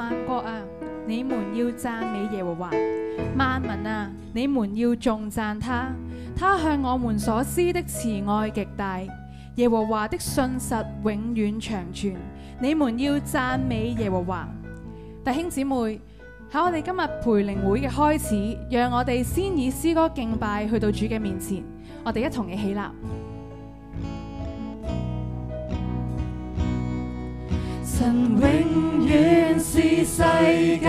萬國啊，你們要讚美耶和華；萬民啊，你們要頌讚他。他向我們所施的慈愛極大，耶和華的信實永遠長存。你們要讚美耶和華。弟兄姊妹，喺我哋今日培靈會嘅開始，讓我哋先以詩歌敬拜去到主嘅面前，我哋一同嘅起立。神永遠是世界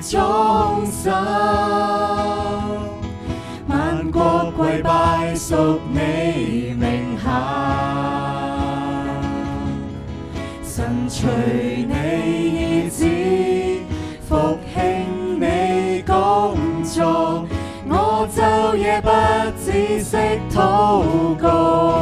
中心，萬國跪拜屬你名下。神隨你意志復興你工作，我晝夜不止息禱告。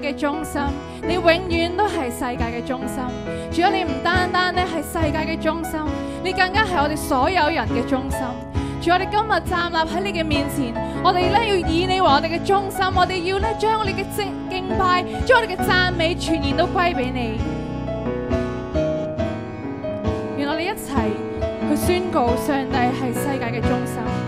嘅中心，你永遠都係世界嘅中心。主啊，你唔單單咧係世界嘅中心，你更加係我哋所有人嘅中心。主啊，我哋今日站立喺你嘅面前，我哋咧要以你為我哋嘅中心，我哋要咧將我哋嘅敬敬拜、將我哋嘅讚美全然都歸俾你。原來你一齊去宣告，上帝係世界嘅中心。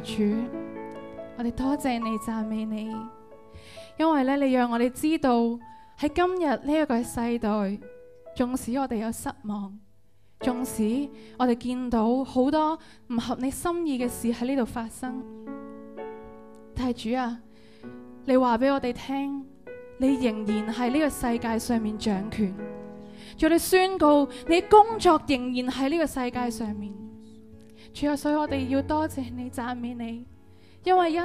主，我哋多謝你讚美你，因為咧，你讓我哋知道喺今日呢一個世代，縱使我哋有失望，縱使我哋見到好多唔合你心意嘅事喺呢度發生，但係主啊，你話俾我哋聽，你仍然喺呢個世界上面掌權，做你宣告，你工作仍然喺呢個世界上面。主啊，所以我哋要多謝你、讚美你，因為因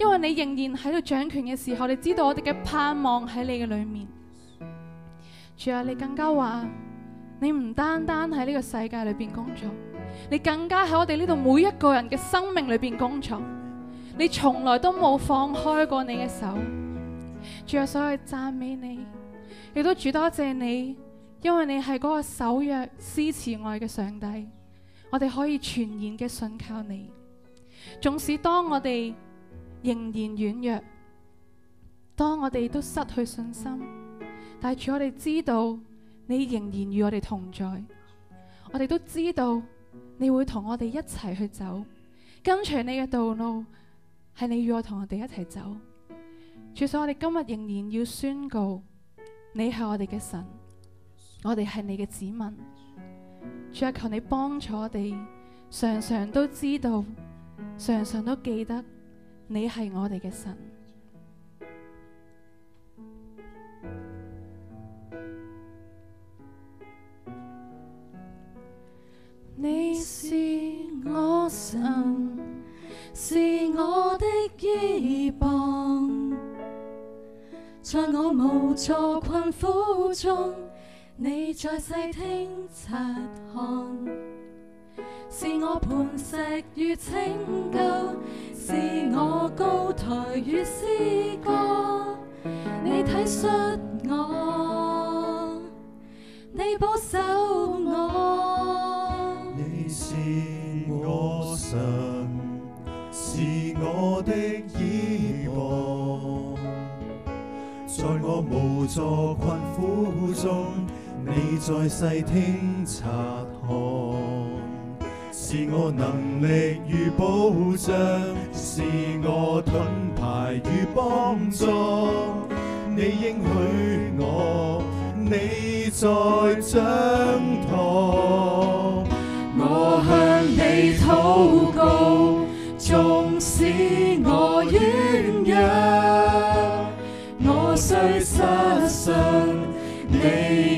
因為你仍然喺度掌權嘅時候，你知道我哋嘅盼望喺你嘅裏面。主啊，你更加話你唔單單喺呢個世界裏邊工作，你更加喺我哋呢度每一個人嘅生命裏邊工作。你從來都冇放開過你嘅手。主啊，所以讚美你，亦都主多謝你，因為你係嗰個守約施慈愛嘅上帝。我哋可以全然嘅信靠你，縱使當我哋仍然軟弱，當我哋都失去信心，但係，我哋知道你仍然與我哋同在。我哋都知道你會同我哋一齊去走，跟隨你嘅道路係你與我同我哋一齊走。即使我哋今日仍然要宣告，你係我哋嘅神，我哋係你嘅子民。求你幫助我哋，常常都知道，常常都記得你係我哋嘅神。 你是我神，是我的倚傍，在我無助困苦中。你在細聽察看，是我磐石與清高，是我高台與詩歌。你體恤我，你保守我。你是我神，是我的依傍，在我無助困苦中。你在細聽察看，是我能力與保障，是我盾牌與幫助，你應許我，你在掌舵， 我向你禱告，縱使我軟弱， 我雖失 信你。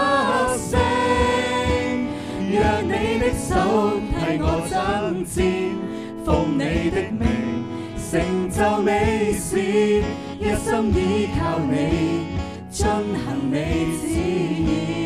替我爭戰，奉你的名，成就美事，一心依靠你，遵行你旨意。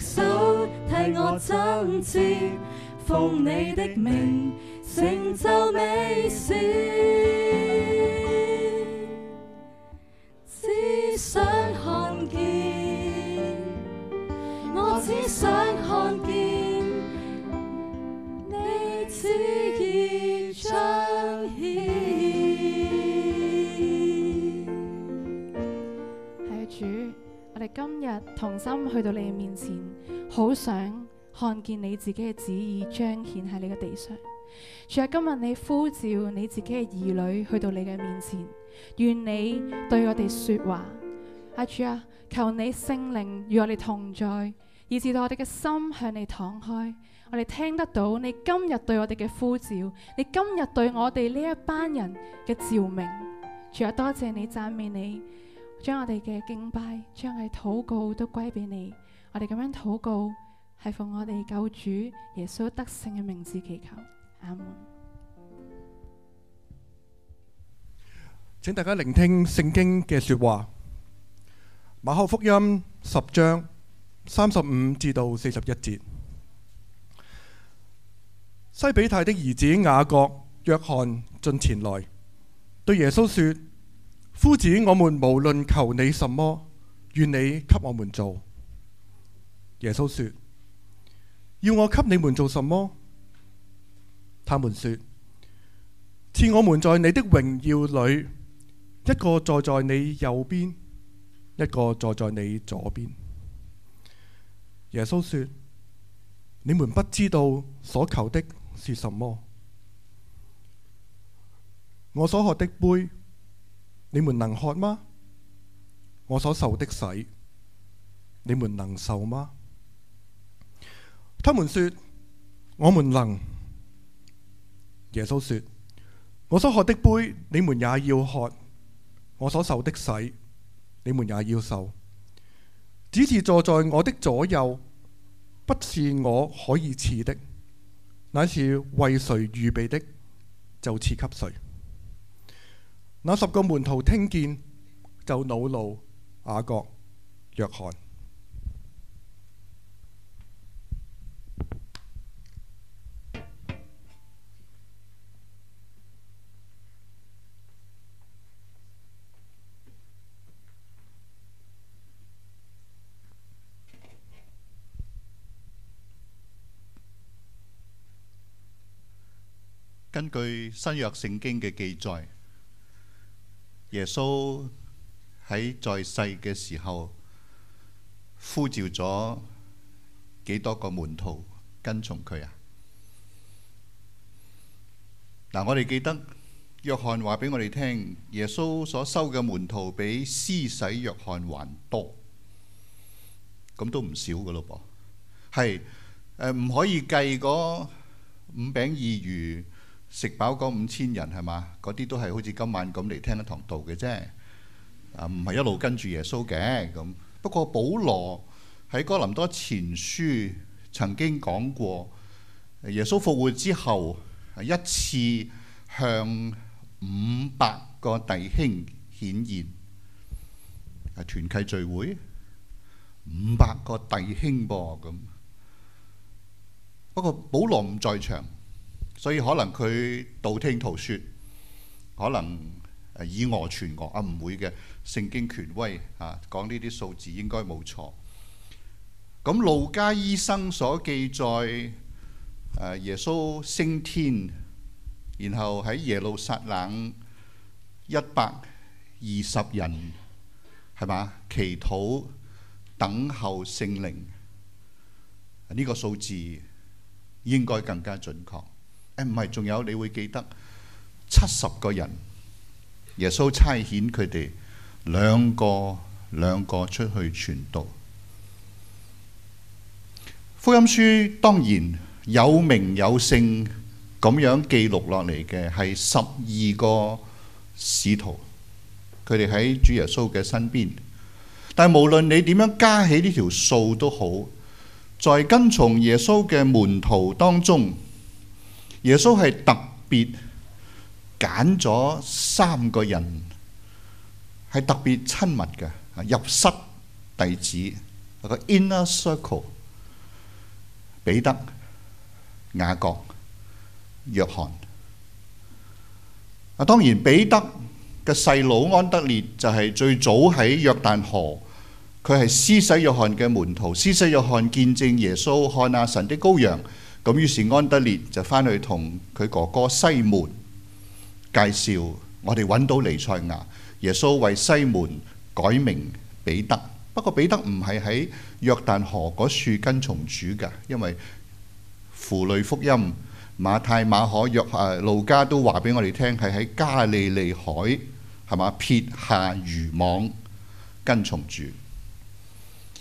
手替我爭戰，奉你的名，成就美事。只想看見，我只想看見你旨意彰顯。係主，我哋今日同心去到你面前。好想看見你自己嘅旨意彰顯喺你嘅地上，主啊，今日你呼召你自己嘅兒女去到你嘅面前，願你對我哋說話。阿主啊，求你聖靈與我哋同在，以至到我哋嘅心向你敞開。我哋聽得到你今日對我哋嘅呼召，你今日對我哋呢一班人嘅照明，主啊，多謝你讚美你，將我哋嘅敬拜，將我哋嘅禱告都歸俾你。我哋咁樣禱告，係奉我哋救主耶穌得勝嘅名字祈求，阿門。請大家聆聽聖經嘅說話，馬可福音十章三十五至到四十一節。西比泰的兒子雅各、約翰進前來，對耶穌說，夫子，我們無論求你什麼，願你給我們做。耶穌說：要我給你們做什麼？他們說：賜我們在你的榮耀裏，一個坐在你右邊，一個坐在你左邊。耶穌說：你們不知道所求的是什麼。我所喝的杯，你們能喝嗎？我所受的洗，你們能受嗎？他們說：我們能。耶穌說：我所喝的杯你們也要喝，我所受的洗你們也要受。只是坐在我的左右，不是我可以賜的，乃是為誰預備的就賜給誰。那十個門徒聽見，就惱怒雅各、約翰。根據新約聖經嘅記載，耶穌喺在，在世嘅時候呼召咗幾多個門徒跟從佢啊？嗱，我哋記得約翰話俾我哋聽，耶穌所收嘅門徒比施洗約翰還多，咁都唔少嘅咯噃。係誒，唔、呃、可以計嗰五餅二魚。食飽嗰五千人係嘛，嗰啲都係好似今晚咁嚟聽一堂道嘅啫，啊唔係一路跟住耶穌嘅咁。不過保羅喺哥林多前書曾經講過，耶穌復活之後一次向五百個弟兄顯現，係、啊、團契聚會，五百個弟兄噃咁。不過保羅唔在場。所以可能佢道聽途説，可能以訛傳訛啊，唔會嘅聖經權威啊，講呢啲數字應該冇錯。咁路加醫生所記載、啊、耶穌升天，然後喺耶路撒冷一百二十人係嘛，祈禱等候聖靈，呢個數字應該更加準確。誒，唔係，仲有你會記得七十個人，耶穌差遣佢哋兩個兩個出去傳道。福音書當然有名有姓咁樣記錄落嚟嘅係十二個使徒，佢哋喺主耶穌嘅身邊。但係無論你點樣加起呢條數都好，在跟從耶穌嘅門徒當中，耶穌係特別揀咗三個人，係特別親密嘅入室弟子，個 inner circle，彼得、雅各、約翰。啊，當然彼得嘅細佬安德烈就係最早喺約旦河，佢係施洗約翰嘅門徒，施洗約翰見證耶穌，看哪，神的羔羊。咁於是安德烈就返去同佢哥哥西門介紹，我哋揾到彌賽亞，耶穌為西門改名彼得。不過彼得唔係喺約旦河嗰處跟從主㗎，因為符類福音、馬太、馬可、約啊路加都話俾我哋聽係喺加利利海係嘛，撇下漁網跟從主。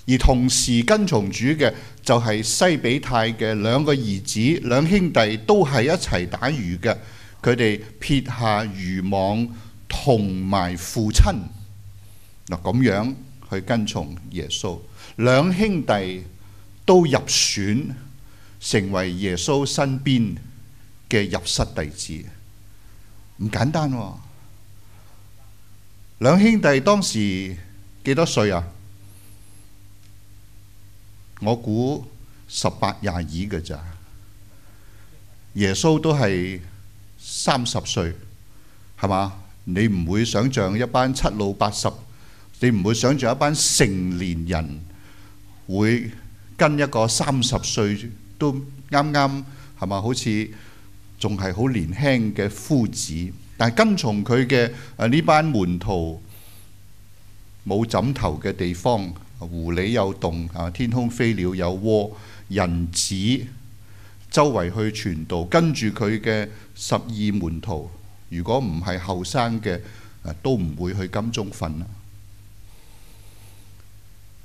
而同時跟從主嘅就係西比泰嘅兩個兒子，兩兄弟都係一齊打魚嘅，佢哋撇下漁網同埋父親，嗱咁樣去跟從耶穌。兩兄弟都入選成為耶穌身邊嘅入室弟子，唔簡單喎啊。兩兄弟當時幾多歲啊？我估十八廿二嘅咋，耶穌都係三十歲，係嘛？你唔會想象一班七老八十，你唔會想象一班成年人會跟一個三十歲都啱啱，係嘛？好似仲係好年輕嘅夫子，但係跟從佢嘅誒呢班門徒冇枕頭嘅地方。狐狸有洞，啊！天空飛鳥有窩，人子周圍去傳道，跟住佢嘅十二門徒，如果唔係後生嘅，都唔會去金鐘瞓啦。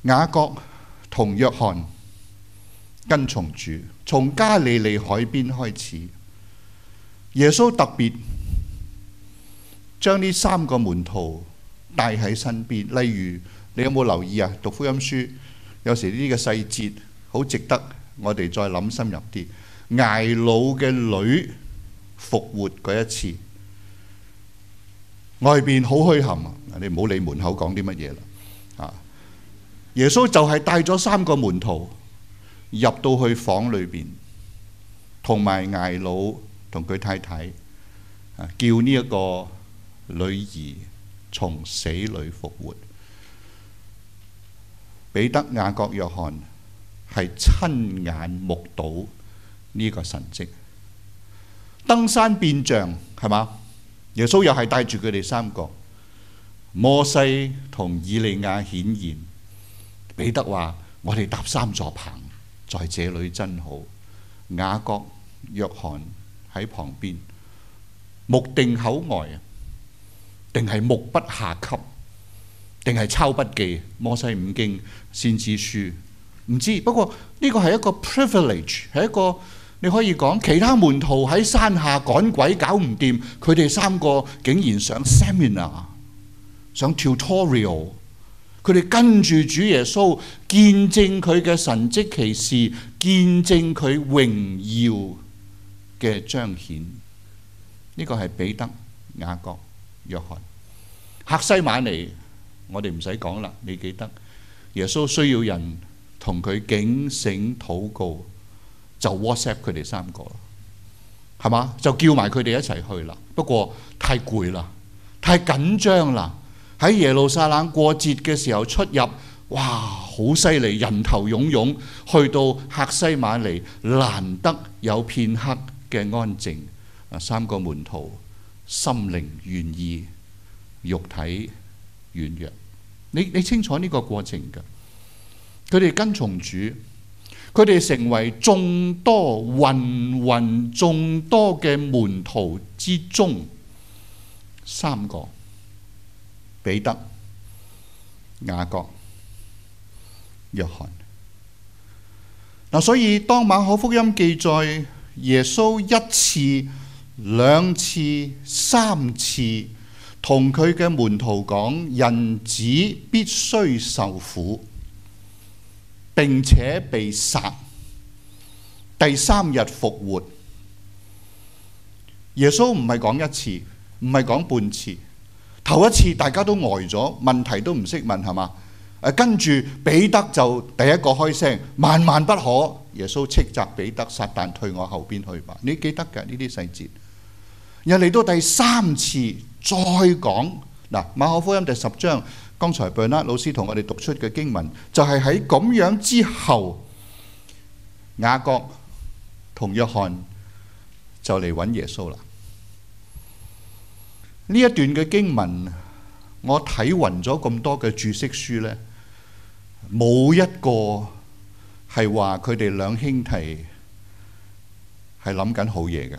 雅各同約翰跟從主，從加利利海邊開始，耶穌特別將呢三個門徒帶喺身邊，例如。你有冇留意啊？讀福音書有時呢啲嘅細節好值得我哋再諗深入啲。睚魯嘅女復活嗰一次，外邊好墟冚，你唔好理門口講啲乜嘢啦。啊，耶穌就係帶咗三個門徒入到去房裏邊，同埋睚魯同佢太太啊，叫呢一個女兒從死裏復活。彼得、雅各、約翰係親眼目睹呢個神蹟，登山變像係嘛？耶穌又係帶住佢哋三個，摩西同以利亞顯現。彼得話：我哋搭三座棚，在這裏真好。雅各、約翰喺旁邊，目定口呆定係目不暇給？定係抄筆記，《摩西五經》、先知書，唔知，不過呢個係一個 privilege，係一個你可以講其他門徒喺山下趕鬼搞唔掂，佢哋三個竟然上 seminar，上 tutorial，佢哋跟住主耶穌，見證佢嘅神蹟奇事，見證佢榮耀嘅彰顯。呢個係彼得、雅各、約翰、客西馬尼。我哋唔使講啦，你記得耶穌需要人同佢警醒、禱告，就 WhatsApp 佢哋三個，係嘛？就叫埋佢哋一齊去啦。不過太攰啦，太緊張啦。喺耶路撒冷過節嘅時候出入，哇！好犀利，人頭湧湧，去到客西馬尼，難得有片刻嘅安靜。啊，三個門徒心靈願意，肉體軟弱。你你清楚呢個過程噶？佢哋跟從主，佢哋成為眾多芸芸眾多嘅門徒之中，三個彼得、雅各、約翰。嗱，所以當馬可福音記載耶穌一次、兩次、三次。同佢嘅門徒講，人子必須受苦，並且被殺，第三日復活。耶穌唔係講一次，唔係講半次。頭一次大家都呆咗，問題都唔識問係嘛？啊、跟住彼得就第一個開聲，萬萬不可！耶穌斥責彼得，撒旦退我後邊去吧。你記得嘅呢啲細節，又嚟到第三次。再講嗱，馬可福音第十章，剛才貝拉老師同我哋讀出嘅經文，就係喺咁樣之後，雅各同約翰就嚟揾耶穌啦。呢一段嘅經文，我睇勻咗咁多嘅注釋書呢，冇一個係話佢哋兩兄弟係諗緊好嘢嘅。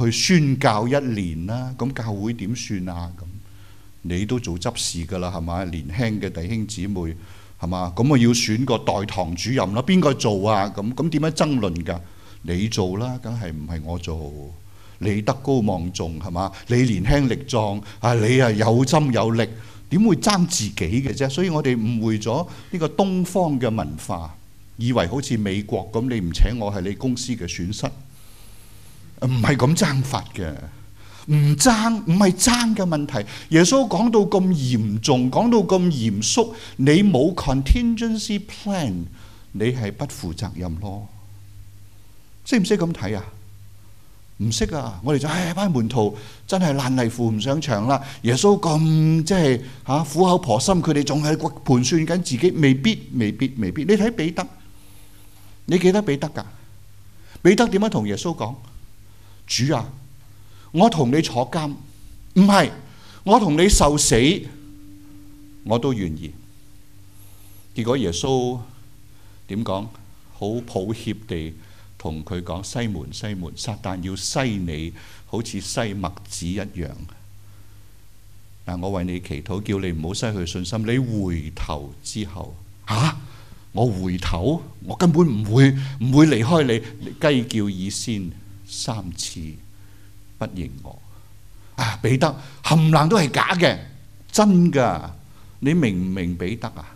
去宣教一年啦，咁教會點算啊？咁你都做執事噶啦，係嘛？年輕嘅弟兄姊妹係嘛？咁我要選個代堂主任啦，邊個做啊？咁咁點樣爭論噶？你做啦，梗係唔係我做？你德高望重係嘛？你年輕力壯啊！你啊有心有力，點會爭自己嘅啫？所以我哋誤會咗呢個東方嘅文化，以為好似美國咁，你唔請我係你公司嘅損失。唔係咁爭法嘅，唔爭唔係爭嘅問題。耶穌講到咁嚴重，講到咁嚴肅，你冇 contingency plan，你係不負責任咯。識唔識咁睇啊？唔識啊！我哋就唉，班門徒真係爛泥扶唔上牆啦。耶穌咁即係吓苦口婆心，佢哋仲喺盤算緊自己，未必未必未必。你睇彼得，你記得彼得㗎？彼得點樣同耶穌講？主啊，我同你坐監，唔係我同你受死，我都願意。結果耶穌點講？好抱歉地同佢講：西門，西門，撒旦要西你，好似西麥子一樣。嗱，我為你祈禱，叫你唔好失去信心。你回頭之後，啊，我回頭，我根本唔會唔會離開你。你雞叫以先。三次不認我啊，彼得，冚唪唥都係假嘅，真噶，你明唔明，彼得啊？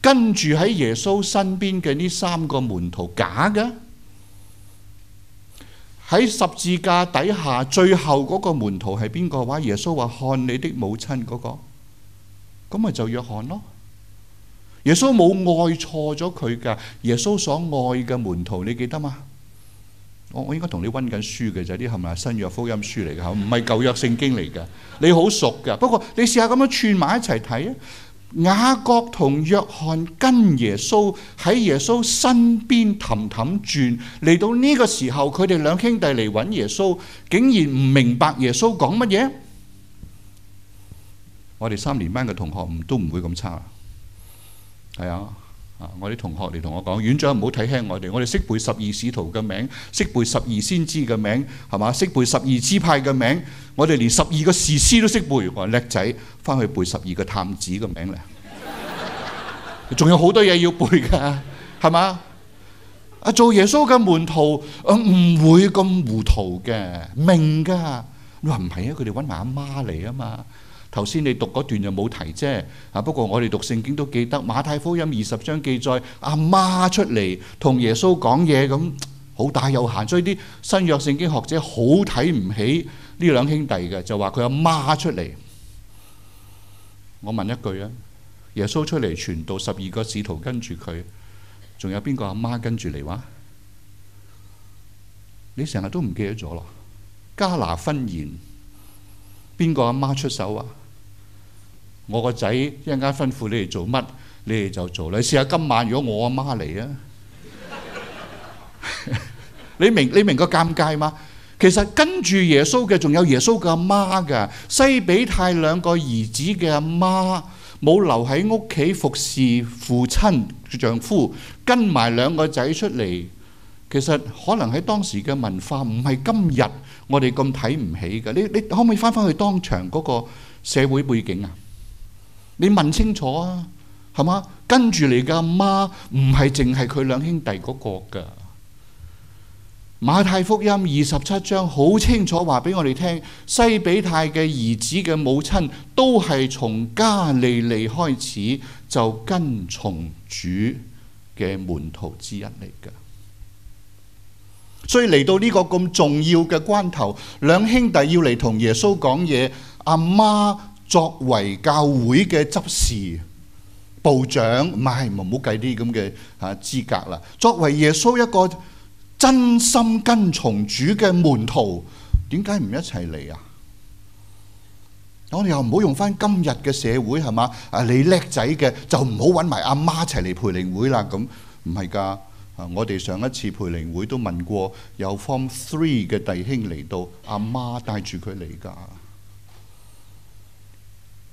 跟住喺耶穌身邊嘅呢三個門徒假嘅，喺十字架底下最後嗰個門徒係邊個？話耶穌話看你的母親嗰個，咁咪就約翰咯。耶穌冇愛錯咗佢噶，耶穌所愛嘅門徒，你記得嗎？我我應該同你温緊書嘅就啲係咪新約福音書嚟嘅吓，唔係舊約聖經嚟嘅。你好熟㗎，不過你試下咁樣串埋一齊睇啊。雅各同約翰跟耶穌喺耶穌身邊氹氹轉，嚟到呢個時候，佢哋兩兄弟嚟揾耶穌，竟然唔明白耶穌講乜嘢。我哋三年班嘅同學唔都唔會咁差啊，係啊。我啲同學嚟同我講，院長唔好睇輕我哋，我哋識背十二使徒嘅名，識背十二先知嘅名，係嘛？識背十二支派嘅名，我哋連十二個士師都識背。我、話、叻仔，翻去背十二個探子嘅名嚟。仲 有好多嘢要背㗎，係嘛？啊，做耶穌嘅門徒，我、呃、唔會咁糊塗嘅，明㗎？你話唔係啊？佢哋揾埋阿媽嚟啊嘛？頭先你讀嗰段又冇提啫，啊！不過我哋讀聖經都記得，馬太福音二十章記載阿媽出嚟同耶穌講嘢咁好大有限，所以啲新約聖經學者好睇唔起呢兩兄弟嘅，就話佢阿媽出嚟。我問一句啊，耶穌出嚟傳道，十二個使徒跟住佢，仲有邊個阿媽跟住嚟話？你成日都唔記得咗咯。迦拿婚宴，邊個阿媽出手啊？我個仔一陣間吩咐你哋做乜，你哋就做。你試下今晚如果我阿媽嚟啊，你明你明個尷尬嗎？其實跟住耶穌嘅仲有耶穌嘅阿媽㗎，西比泰兩個兒子嘅阿媽，冇留喺屋企服侍父親丈夫，跟埋兩個仔出嚟。其實可能喺當時嘅文化唔係今日我哋咁睇唔起嘅。你你可唔可以翻返去當場嗰個社會背景啊？你問清楚啊，係嘛？跟住嚟嘅阿媽唔係淨係佢兩兄弟嗰個噶。馬太福音二十七章好清楚話俾我哋聽，西庇太嘅兒子嘅母親都係從加利利開始就跟從主嘅門徒之一嚟噶。所以嚟到呢個咁重要嘅關頭，兩兄弟要嚟同耶穌講嘢，阿媽。作為教會嘅執事、部長，唔係唔好計啲咁嘅啊資格啦。作為耶穌一個真心跟從主嘅門徒，點解唔一齊嚟啊？我哋又唔好用翻今日嘅社會係嘛？啊，你叻仔嘅就唔好揾埋阿媽一齊嚟培靈會啦。咁唔係㗎，我哋上一次培靈會都問過有 Form Three 嘅弟兄嚟到，阿媽帶住佢嚟㗎。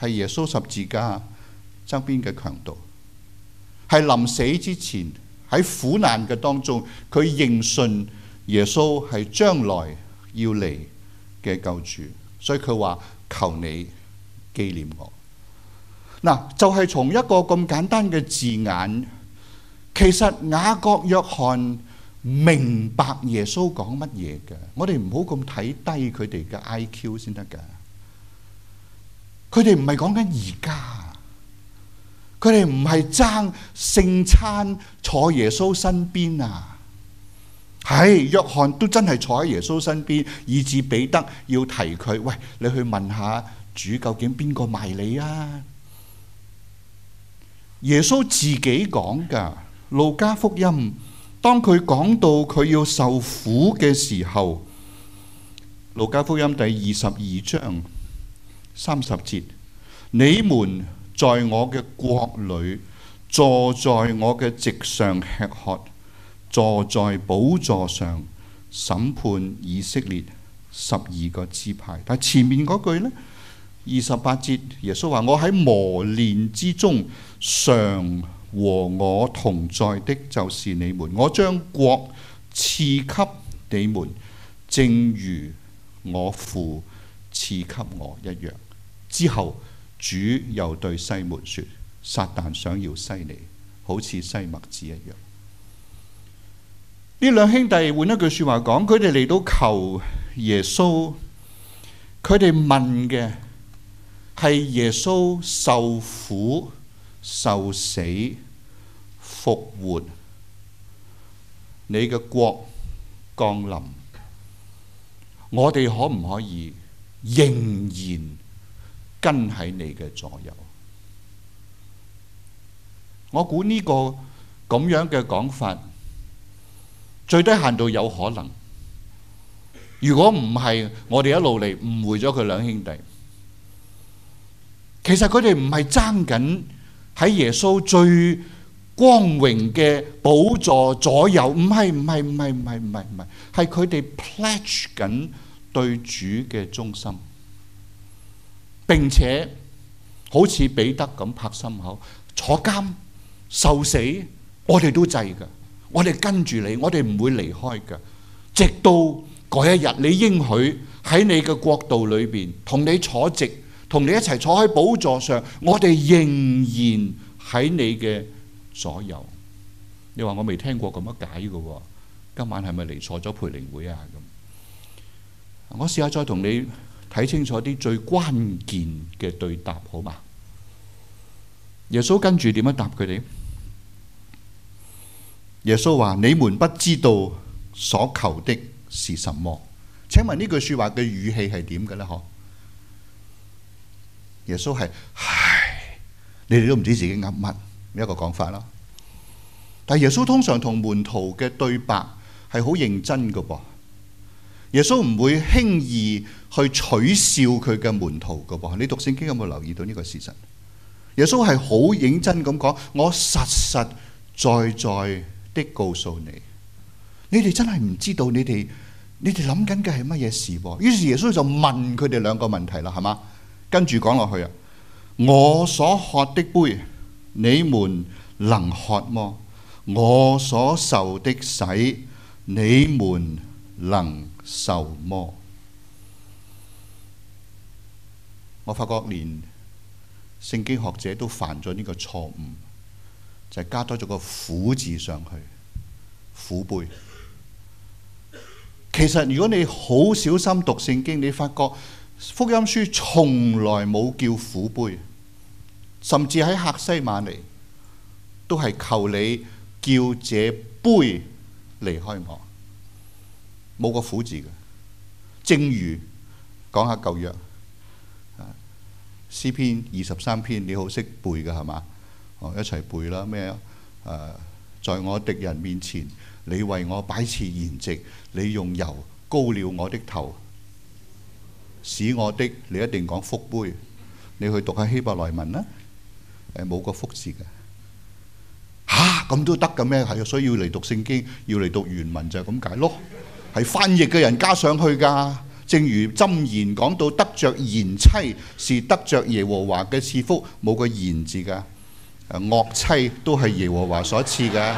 係耶穌十字架側邊嘅強盜，係臨死之前喺苦難嘅當中，佢認信耶穌係將來要嚟嘅救主，所以佢話求你紀念我。嗱，就係從一個咁簡單嘅字眼，其實雅各約翰明白耶穌講乜嘢嘅。我哋唔好咁睇低佢哋嘅 IQ 先得㗎。佢哋唔係講緊而家，佢哋唔係爭聖餐坐耶穌身邊啊！係、哎、約翰都真係坐喺耶穌身邊，以致彼得要提佢，喂，你去問下主究竟邊個賣你啊？耶穌自己講噶《路加福音》，當佢講到佢要受苦嘅時候，《路加福音》第二十二章，三十節，你們在我嘅國裏坐在我嘅席上吃喝，坐在寶座上審判以色列十二個支派。但前面嗰句呢，二十八節，耶穌話：我喺磨練之中，常和我同在的，就是你們。我將國賜給你們，正如我父賜給我一樣。之後，主又對西門說：撒旦想要篩你，好似篩麥子一樣。呢兩兄弟換一句說話講，佢哋嚟到求耶穌，佢哋問嘅係耶穌受苦、受死、復活，你嘅國降臨，我哋可唔可以仍然？跟喺你嘅左右，我估呢個咁樣嘅講法，最低限度有可能。如果唔係，我哋一路嚟誤會咗佢兩兄弟。其實佢哋唔係爭緊喺耶穌最光榮嘅寶座左右，唔係唔係唔係唔係唔係唔係，係佢哋 pledge 緊對主嘅忠心。並且好似彼得咁拍心口坐監受死，我哋都制㗎。我哋跟住你，我哋唔會離開㗎。直到嗰一日你應許喺你嘅國度裏邊同你坐席，同你一齊坐喺寶座上，我哋仍然喺你嘅左右。你話我未聽過咁樣解嘅喎？今晚係咪嚟錯咗培靈會啊？咁我試下再同你睇清楚啲最關鍵嘅對答，好嘛？耶穌跟住點樣答佢哋？耶穌話：你們不知道所求的是什麼？請問呢句說話嘅語氣係點嘅咧？嗬？耶穌係唉，你哋都唔知自己噏乜，一個講法啦。但耶穌通常同門徒嘅對白係好認真噶噃。耶穌唔會輕易。去取笑佢嘅門徒㗎噃。你讀聖經有冇留意到呢個事實？耶穌係好認真咁講，我實實在在的告訴你，你哋真係唔知道你哋你哋諗緊嘅係乜嘢事噃。於是耶穌就問佢哋兩個問題啦，係嘛？跟住講落去啊，我所喝的杯你們能喝麼？我所受的洗你們能受麼？我發覺連聖經學者都犯咗呢個錯誤，就係加多咗個苦字上去，苦杯。其實如果你好小心讀聖經，你發覺福音書從來冇叫苦杯，甚至喺客西馬尼都係求你叫這杯離開我，冇個苦字嘅。正如講下舊約。詩篇二十三篇，你好識背嘅係嘛？哦，一齊背啦！咩啊？呃，在我敵人面前，你為我擺設筵席，你用油膏了我的頭，使我的你一定講福杯。你去讀下希伯來文啦，誒冇個福字嘅吓，咁都得嘅咩？係啊，所以要嚟讀聖經，要嚟讀原文就係咁解咯，係翻譯嘅人加上去㗎。正如箴言講到得着賢妻是得着耶和華嘅賜福，冇個賢字噶。惡妻都係耶和華所賜嘅，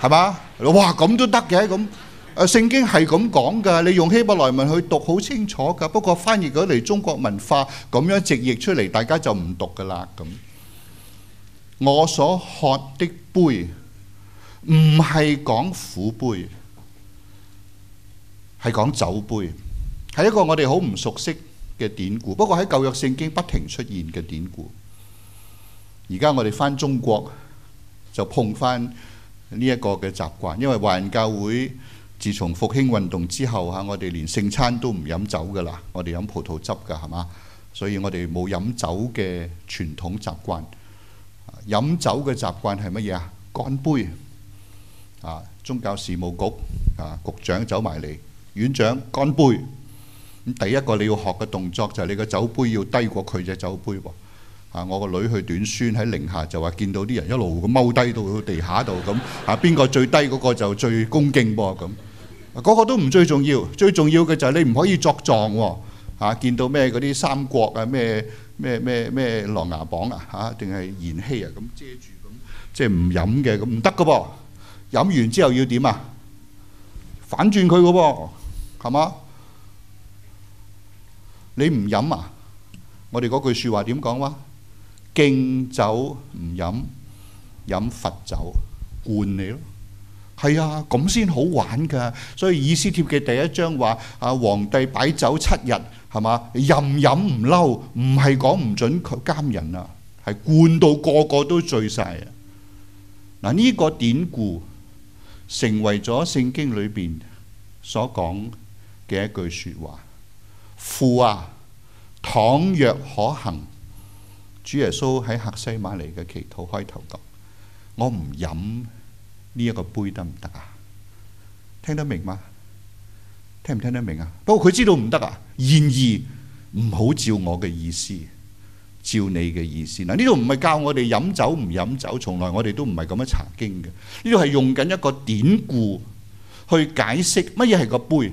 係嘛？ 哇，咁都得嘅？咁，聖經係咁講噶，你用希伯來文去讀好清楚噶，不過翻譯咗嚟中國文化咁樣直譯出嚟，大家就唔讀噶啦咁。我所喝的杯，唔係講苦杯。係講酒杯，係一個我哋好唔熟悉嘅典故。不過喺舊約聖經不停出現嘅典故。而家我哋返中國就碰返呢一個嘅習慣，因為華人教會自從復興運動之後嚇，我哋連聖餐都唔飲酒㗎喇，我哋飲葡萄汁㗎係嘛，所以我哋冇飲酒嘅傳統習慣。飲酒嘅習慣係乜嘢啊？乾杯啊！宗教事務局啊，局長走埋嚟。院長，乾杯！咁第一個你要學嘅動作就係你個酒杯要低過佢隻酒杯噃。啊，我個女去短宣喺寧夏就話見到啲人一路踎低到去地下度咁，啊邊 個最低嗰個就最恭敬噃咁。嗰、嗰個都唔最重要，最重要嘅就係你唔可以作狀喎。啊，見到咩嗰啲《三國》啊，咩咩咩咩《琅琊榜》啊，嚇定係《延禧》啊，咁遮住咁，即係唔飲嘅咁唔得噶噃。飲完之後要點啊？反轉佢個噃。係嘛？你唔飲啊？我哋嗰句話說話點講哇？敬酒唔飲，飲罰酒，灌你咯。係啊，咁先好玩噶。所以以斯帖嘅第一章話：啊，皇帝擺酒七日，係嘛，任飲唔嬲，唔係講唔准佢監人啊，係灌到個個都醉晒啊。嗱、這、呢個典故成為咗聖經裏邊所講，嘅一句說話，父啊，倘若可行，主耶穌喺客西馬尼嘅祈禱開頭講：我唔飲呢一個杯得唔得啊？聽得明嗎？聽唔聽得明啊？不過佢知道唔得啊，然而唔好照我嘅意思，照你嘅意思嗱。呢度唔係教我哋飲酒唔飲酒，從來我哋都唔係咁樣查經嘅。呢度係用緊一個典故去解釋乜嘢係個杯。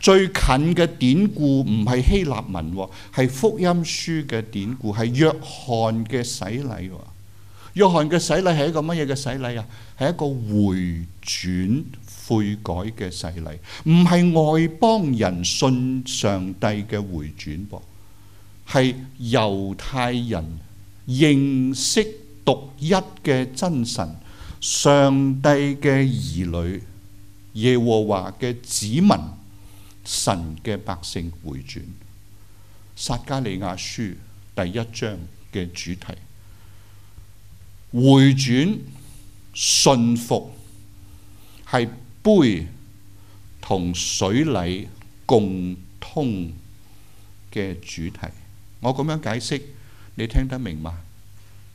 最近嘅典故唔係希臘文，係福音書嘅典故，係約翰嘅洗禮。約翰嘅洗禮係一個乜嘢嘅洗禮啊？係一個回轉悔改嘅洗禮，唔係外邦人信上帝嘅回轉噃，係猶太人認識獨一嘅真神、上帝嘅兒女、耶和華嘅子民。神嘅百姓回轉，撒加利亞書第一章嘅主題，回轉、信服係杯同水禮共通嘅主題。我咁樣解釋，你聽得明嗎？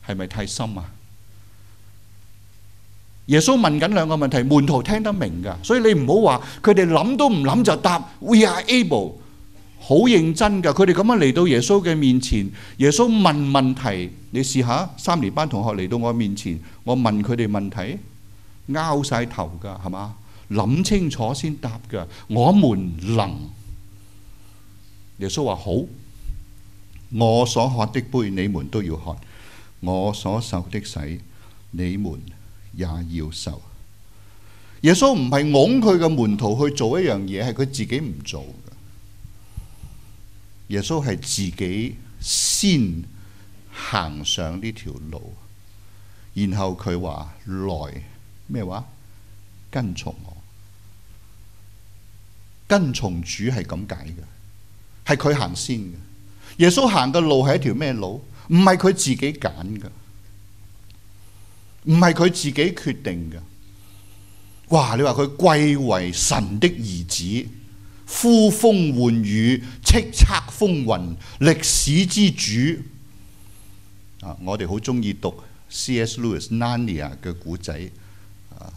係咪太深啊？耶穌問緊兩個問題，門徒聽得明噶，所以你唔好話佢哋諗都唔諗就答。We are able，好認真噶，佢哋咁樣嚟到耶穌嘅面前，耶穌問問題。你試下三年班同學嚟到我面前，我問佢哋問題，拗晒頭噶，係嘛？諗清楚先答噶。我們能，耶穌話好，我所喝的杯你們都要喝，我所受的洗你們。也要受。耶穌唔係拱佢嘅門徒去做一樣嘢，係佢自己唔做嘅。耶穌係自己先行上呢條路，然後佢話來咩話？跟從我，跟從主係咁解嘅，係佢行先嘅。耶穌行嘅路係一條咩路？唔係佢自己揀㗎。唔係佢自己決定㗎，哇！你話佢貴為神的兒子，呼風喚雨、叱咤風雲、歷史之主啊！我哋好中意讀 C.S. Lewis、Narnia 嘅古仔啊，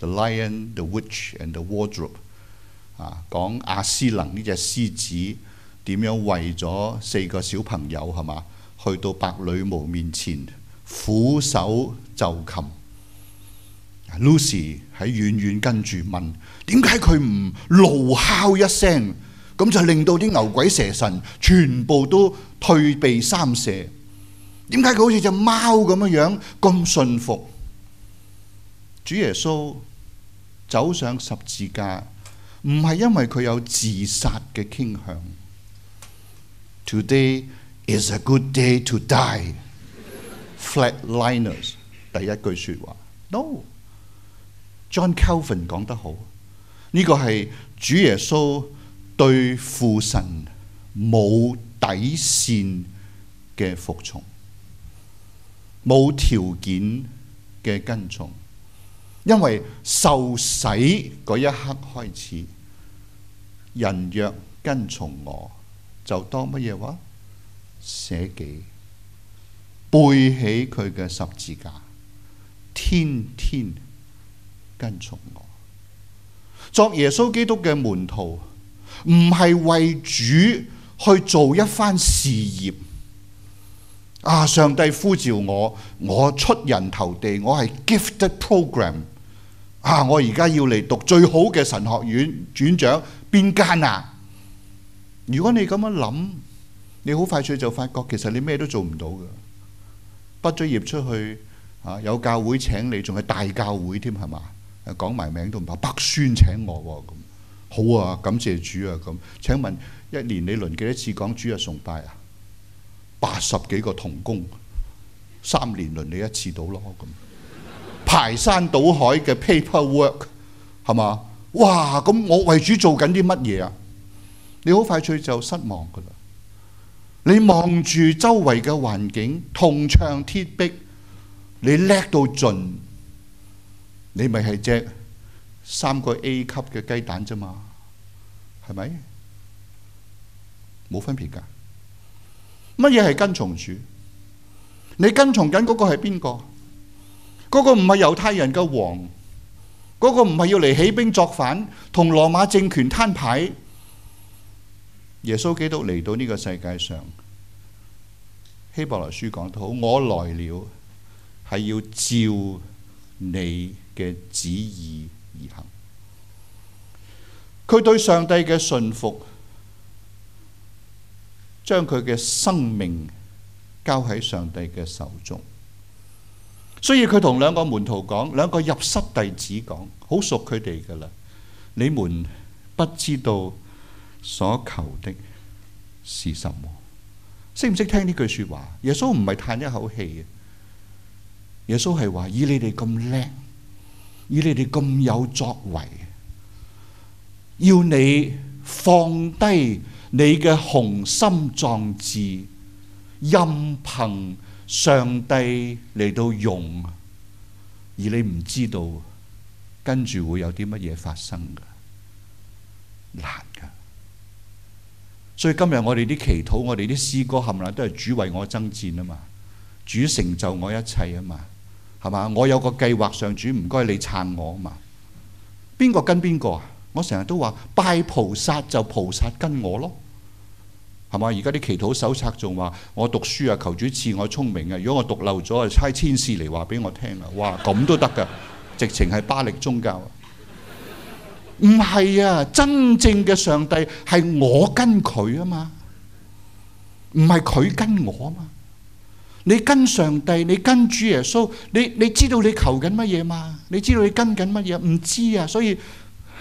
《The Lion, the Witch and the Wardrobe、uh,》啊，講阿斯蘭呢隻獅子點樣為咗四個小朋友係嘛，去到白女巫面前，俯首。就擒，Lucy 喺遠遠跟住問：點解佢唔怒哮一聲，咁就令到啲牛鬼蛇神全部都退避三舍？點解佢好似隻貓咁樣樣咁馴服？主耶穌走上十字架，唔係因為佢有自殺嘅傾向。Today is a good day to die, flatliners. 第一句説話，No。John Calvin 講得好，呢、這個係主耶穌對父神冇底線嘅服從，冇條件嘅跟從，因為受洗嗰一刻開始，人若跟從我，就當乜嘢話？捨己背起佢嘅十字架。.天天跟從我，作耶穌基督嘅門徒，唔係為主去做一番事業。啊！上帝呼召我，我出人頭地，我係 gifted program。啊！我而家要嚟讀最好嘅神學院，轉長邊間啊？如果你咁樣諗，你好快脆就發覺，其實你咩都做唔到嘅。畢咗業出去。啊！有教會請你，仲係大教會添，係嘛？講、啊、埋名都唔怕，伯孫請我喎咁。好啊，感謝主啊咁。請問一年你輪幾多次講主日崇拜啊？八十幾個同工，三年輪你一次到咯咁。排山倒海嘅 paperwork 係嘛？哇！咁我為主做緊啲乜嘢啊？你好快脆就失望㗎啦！你望住周圍嘅環境，銅牆鐵壁。你叻到盡，你咪係只三個 A 級嘅雞蛋啫嘛，係咪？冇分別噶，乜嘢係跟從主？你跟從緊嗰個係邊個？嗰個唔係猶太人嘅王，嗰個唔係要嚟起兵作反，同羅馬政權攤牌。耶穌基督嚟到呢個世界上，希伯來書講得好：我來了。係要照你嘅旨意而行，佢對上帝嘅信服，將佢嘅生命交喺上帝嘅手中。所以佢同兩個門徒講，兩個入室弟子講，好熟佢哋噶啦。你們不知道所求的是什麼？識唔識聽呢句說話？耶穌唔係嘆一口氣嘅。耶穌係話：以你哋咁叻，以你哋咁有作為，要你放低你嘅雄心壯志，任憑上帝嚟到用。而你唔知道，跟住會有啲乜嘢發生嘅，難噶。所以今日我哋啲祈禱，我哋啲詩歌，冚唪唥都係主為我爭戰啊嘛，主成就我一切啊嘛。係嘛？我有個計劃，上主，唔該你撐我嘛。邊個跟邊個啊？我成日都話拜菩薩就菩薩跟我咯，係嘛？而家啲祈禱手冊仲話我讀書啊，求主賜我聰明啊！如果我讀漏咗，就差千事嚟話俾我聽啊！哇，咁都得噶？直情係巴力宗教啊？唔係啊！真正嘅上帝係我跟佢啊嘛，唔係佢跟我啊嘛。你跟上帝，你跟主耶穌，你你知道你求緊乜嘢嘛？你知道你跟緊乜嘢？唔知啊！所以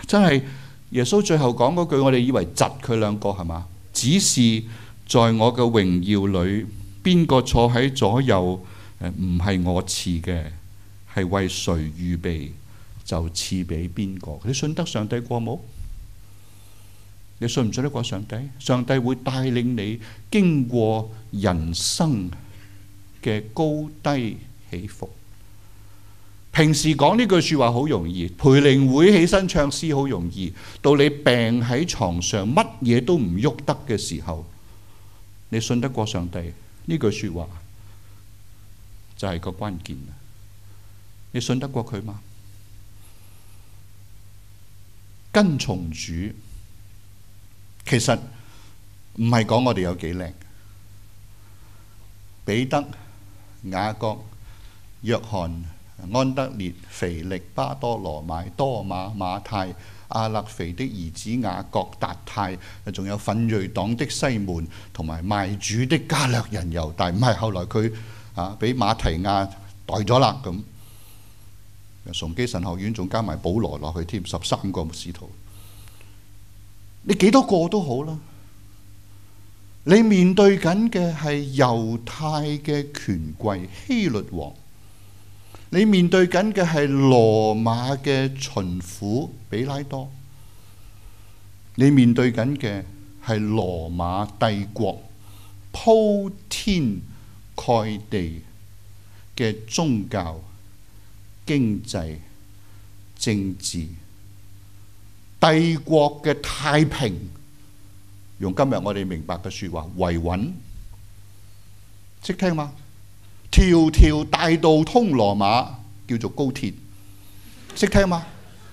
真係耶穌最後講嗰句，我哋以為窒佢兩個係嘛？只是在我嘅榮耀裏，邊個坐喺左右誒，唔係我賜嘅，係為誰預備就賜俾邊個？你信得上帝過冇？你信唔信得過上帝？上帝會帶領你經過人生嘅高低起伏，平時講呢句說話好容易，培靈會起身唱詩好容易，到你病喺床上乜嘢都唔喐得嘅時候，你信得過上帝呢句說話就係個關鍵。你信得過佢嗎？跟從主其實唔係講我哋有幾叻，彼得。雅各、約翰、安德烈、腓力、巴多羅買、多馬、馬太、亞勒腓的兒子雅各、達太，仲有奮銳黨的西門，同埋賣主的加略人猶大，但唔係後來佢啊俾馬提亞代咗啦咁。崇基神學院仲加埋保羅落去添，十三個牧師徒，你幾多個都好啦。你面對緊嘅係猶太嘅權貴希律王，你面對緊嘅係羅馬嘅巡撫比拉多，你面對緊嘅係羅馬帝國鋪天蓋地嘅宗教、經濟、政治、帝國嘅太平。用今日我哋明白嘅說話維穩，識聽嘛？條條大道通羅馬，叫做高鐵，識聽嘛？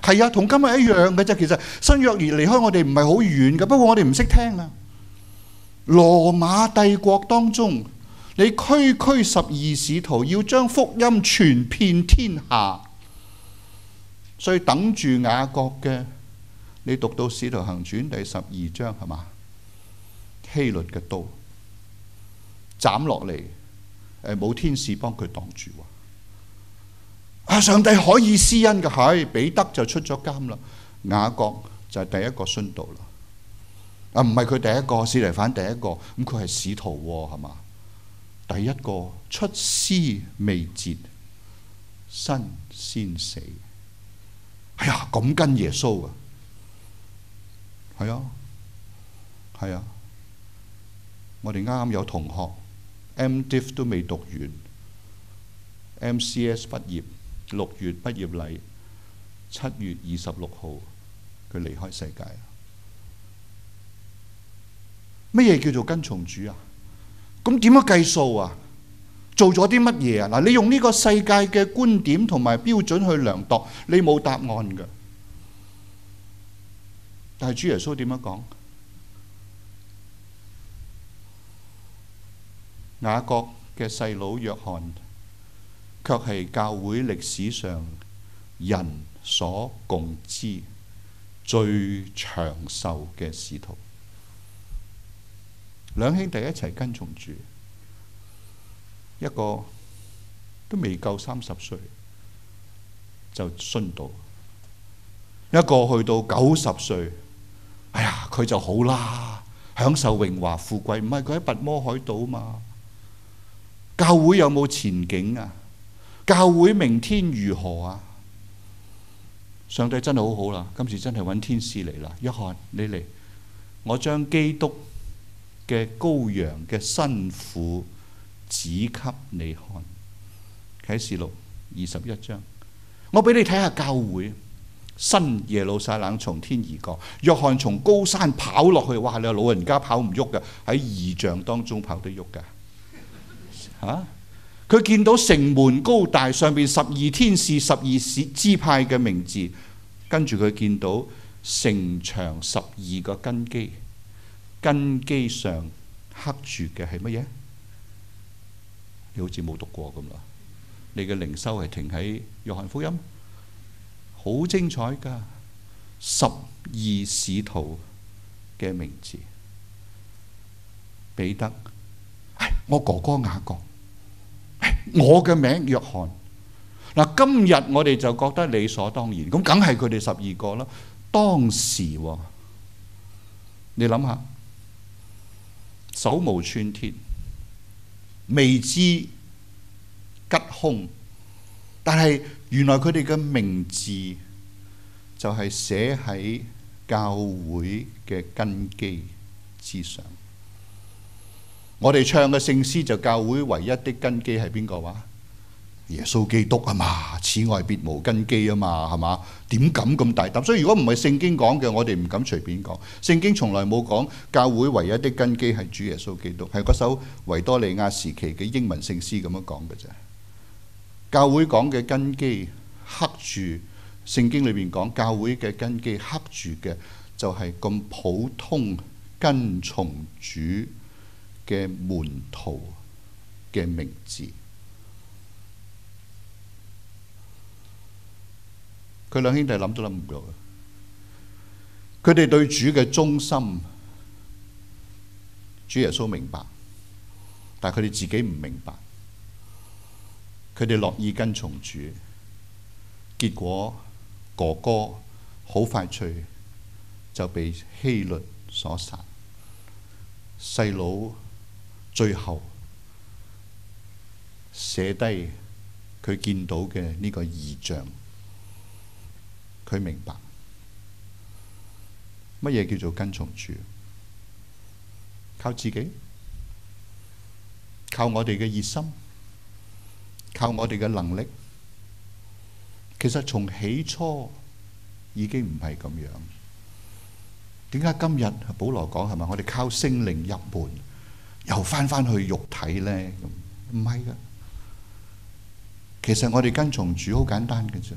係啊，同今日一樣嘅啫。其實新約而離開我哋唔係好遠嘅，不過我哋唔識聽啊。羅馬帝國當中，你區區十二使徒要將福音傳遍天下，所以等住雅各嘅，你讀到使徒行傳第十二章係嘛？希律嘅刀斬落嚟，誒冇天使幫佢擋住喎，啊上帝可以施恩嘅係彼得就出咗監啦，雅各就係第一個殉道啦，啊唔係佢第一個，司提反第一個，咁佢係使徒係、啊、嘛？第一個出師未捷身先死，哎呀咁跟耶穌啊，係啊，係啊。我哋啱啱有同學 M. Div 都未讀完，M. C. S 畢業，六月畢業禮，七月二十六號佢離開世界。乜嘢叫做跟從主啊？咁點樣計數啊？做咗啲乜嘢啊？嗱，你用呢個世界嘅觀點同埋標準去量度，你冇答案噶。但係主耶穌點樣講？雅各嘅細佬約翰，卻係教會歷史上人所共知最長壽嘅使徒。兩兄弟一齊跟從住，一個都未夠三十歲就殉道，一個去到九十歲，哎呀佢就好啦，享受榮華富貴，唔係佢喺拔摩海島嘛。教會有冇前景啊？教會明天如何啊？上帝真係好好啦，今次真係揾天使嚟啦。約翰，你嚟，我將基督嘅羔羊嘅新婦指給你看。啟示錄二十一章，我俾你睇下教會。新耶路撒冷從天而降，約翰從高山跑落去，哇！你個老人家跑唔喐噶，喺異象當中跑得喐噶。吓！佢、啊、見到城門高大，上面十二天使，十二使支派嘅名字，跟住佢見到城牆十二個根基，根基上刻住嘅係乜嘢？你好似冇讀過咁啦！你嘅靈修係停喺約翰福音，好精彩噶！十二使徒嘅名字，彼得，我哥哥雅各。我嘅名約翰嗱，今日我哋就覺得理所當然，咁梗係佢哋十二個啦。當時你諗下手無寸鐵，未知吉凶，但係原來佢哋嘅名字就係寫喺教會嘅根基之上。我哋唱嘅聖詩就教會唯一嘅根基係邊個話？耶穌基督啊嘛，此外別無根基啊嘛，係嘛？點敢咁大膽？所以如果唔係聖經講嘅，我哋唔敢隨便講。聖經從來冇講教會唯一嘅根基係主耶穌基督，係嗰首維多利亞時期嘅英文聖詩咁樣講嘅啫。教會講嘅根基刻，刻住聖經裏面講教會嘅根基刻住嘅就係咁普通跟從主嘅門徒嘅名字，佢兩兄弟諗都諗唔到。佢哋對主嘅忠心，主耶穌明白，但係佢哋自己唔明白。佢哋樂意跟從主，結果哥哥好快脆就被希律所殺，細佬。最後寫低佢見到嘅呢個異象，佢明白乜嘢叫做跟從主，靠自己，靠我哋嘅熱心，靠我哋嘅能力。其實從起初已經唔係咁樣。點解今日保羅講係咪？係咪我哋靠聖靈入門？又翻翻去肉體咧，唔係噶。其實我哋跟從主好簡單嘅啫，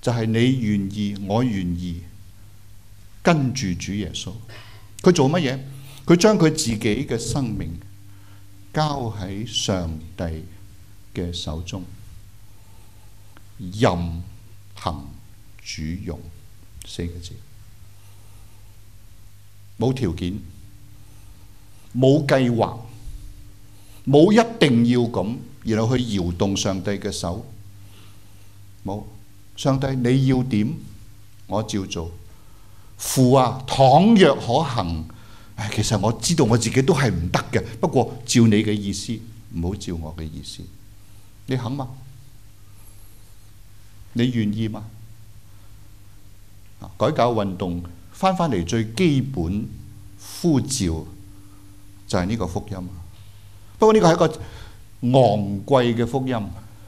就係你願意，我願意跟住主耶穌。佢做乜嘢？佢將佢自己嘅生命交喺上帝嘅手中，任行主用四個字，冇條件。冇計劃，冇一定要咁，然後去搖動上帝嘅手。冇上帝，你要點？我照做。父啊，倘若可行，唉，其實我知道我自己都係唔得嘅。不過照你嘅意思，唔好照我嘅意思。你肯嗎？你願意嗎？啊，改革運動翻返嚟最基本呼召。就係呢個福音，不過呢個係一個昂貴嘅福音，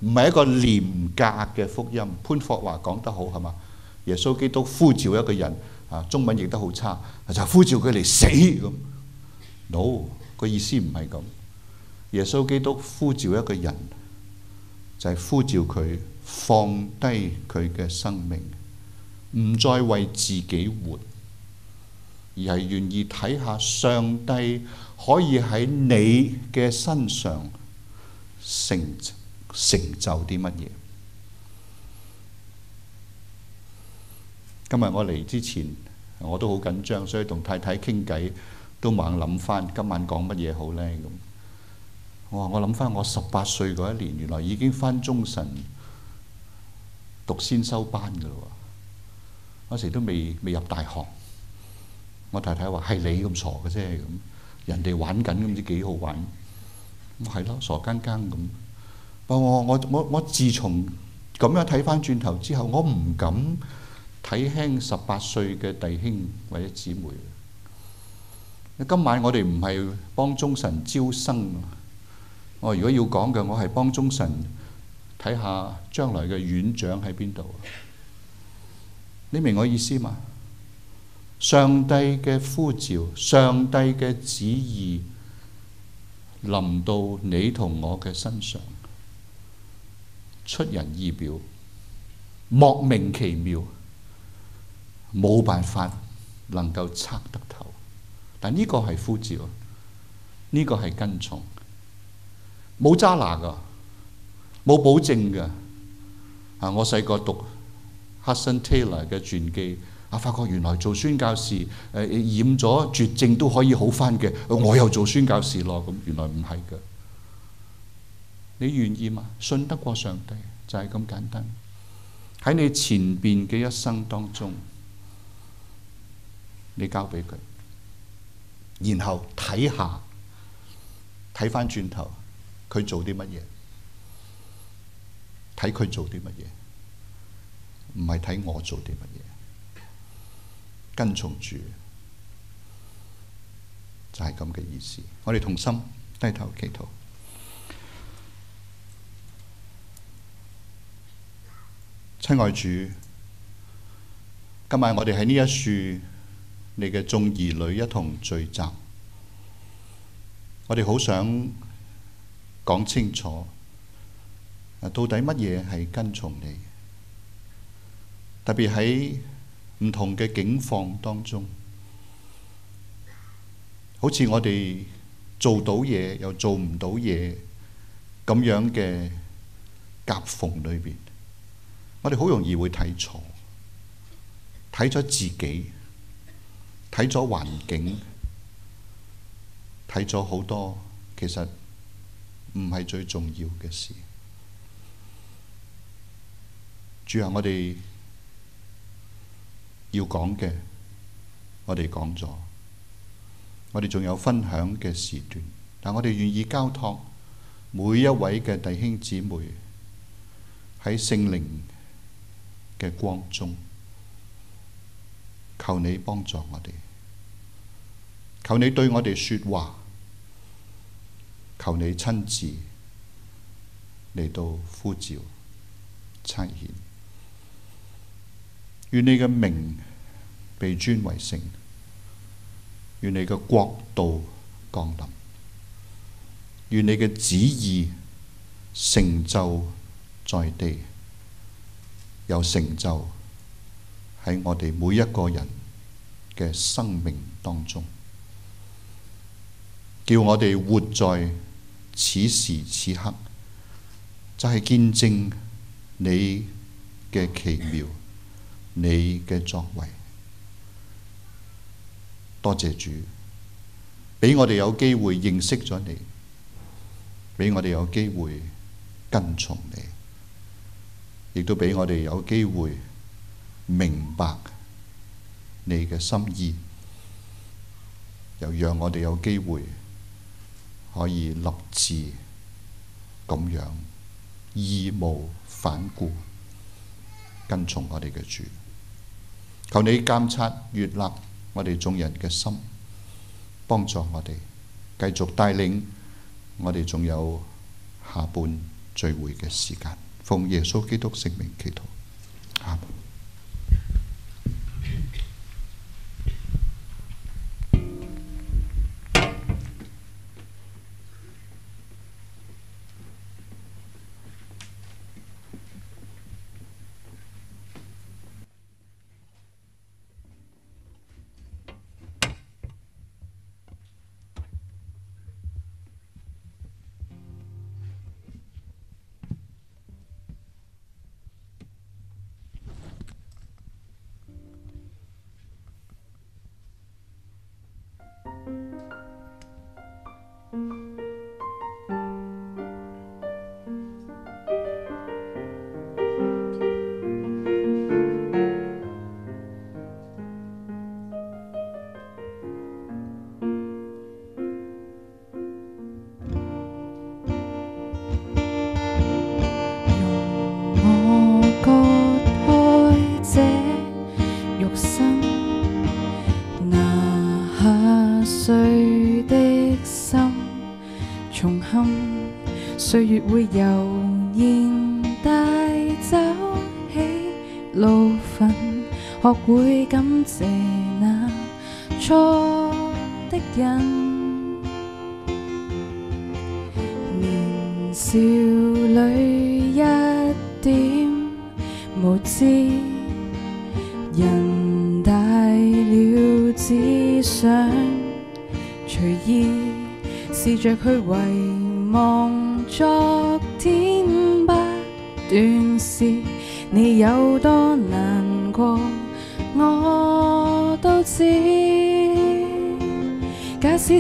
唔係一個廉價嘅福音。潘霍華講得好係嘛？耶穌基督呼召一個人啊，中文譯得好差，就係、呼召佢嚟死咁。No，個意思唔係咁。耶穌基督呼召一個人，就係、係、呼召佢放低佢嘅生命，唔再為自己活，而係願意睇下上帝。可以喺你嘅身上成成就啲乜嘢？今日我嚟之前，我都好緊張，所以同太太傾偈都猛諗翻今晚講乜嘢好咧咁。我話我諗翻我十八歲嗰一年，原來已經翻中神讀先修班噶啦喎，嗰時都未未入大學。我太太話係你咁傻嘅啫咁。人哋玩緊，唔知幾好玩。咁係咯，傻更更咁。我我我我我，我我自從咁樣睇翻轉頭之後，我唔敢睇輕十八歲嘅弟兄或者姊妹。今晚我哋唔係幫中神招生。我如果要講嘅，我係幫中神睇下將來嘅院長喺邊度。你明我意思嘛？上帝嘅呼召，上帝嘅旨意臨到你同我嘅身上，出人意表，莫名其妙，冇辦法能夠測得透。但呢個係呼召，呢個係跟從，冇渣拿噶，冇保證嘅。啊，我細個讀 Hudson Taylor 嘅傳記。我發覺原來做宣教士，誒、呃、染咗絕症都可以好翻嘅。我又做宣教士咯，咁原來唔係嘅。你願意嘛？信得過上帝就係、是、咁簡單。喺你前邊嘅一生當中，你交俾佢，然後睇下，睇翻轉頭，佢做啲乜嘢？睇佢做啲乜嘢？唔係睇我做啲乜嘢。跟從主，就係咁嘅意思。我哋同心，低頭祈禱，親愛主，今晚我哋喺呢一處，你嘅眾兒女一同聚集，我哋好想講清楚，到底乜嘢係跟從你，特別喺唔同嘅境況當中，好似我哋做到嘢又做唔到嘢咁樣嘅夾縫裏邊，我哋好容易會睇錯，睇咗自己，睇咗環境，睇咗好多其實唔係最重要嘅事。住下我哋。要講嘅，我哋講咗，我哋仲有分享嘅時段，但我哋願意交託每一位嘅弟兄姊妹喺聖靈嘅光中，求你幫助我哋，求你對我哋說話，求你親自嚟到呼召差遣。願你嘅名被尊為聖，願你嘅國度降臨，願你嘅旨意成就在地，又成就喺我哋每一個人嘅生命當中。叫我哋活在此時此刻，就係見證你嘅奇妙。你嘅作為，多謝主，俾我哋有機會認識咗你，俾我哋有機會跟從你，亦都俾我哋有機會明白你嘅心意，又讓我哋有機會可以立志咁樣，義無反顧，跟從我哋嘅主。求你監察、悅納我哋眾人嘅心，幫助我哋繼續帶領我哋，仲有下半聚會嘅時間。奉耶穌基督聖名祈禱，阿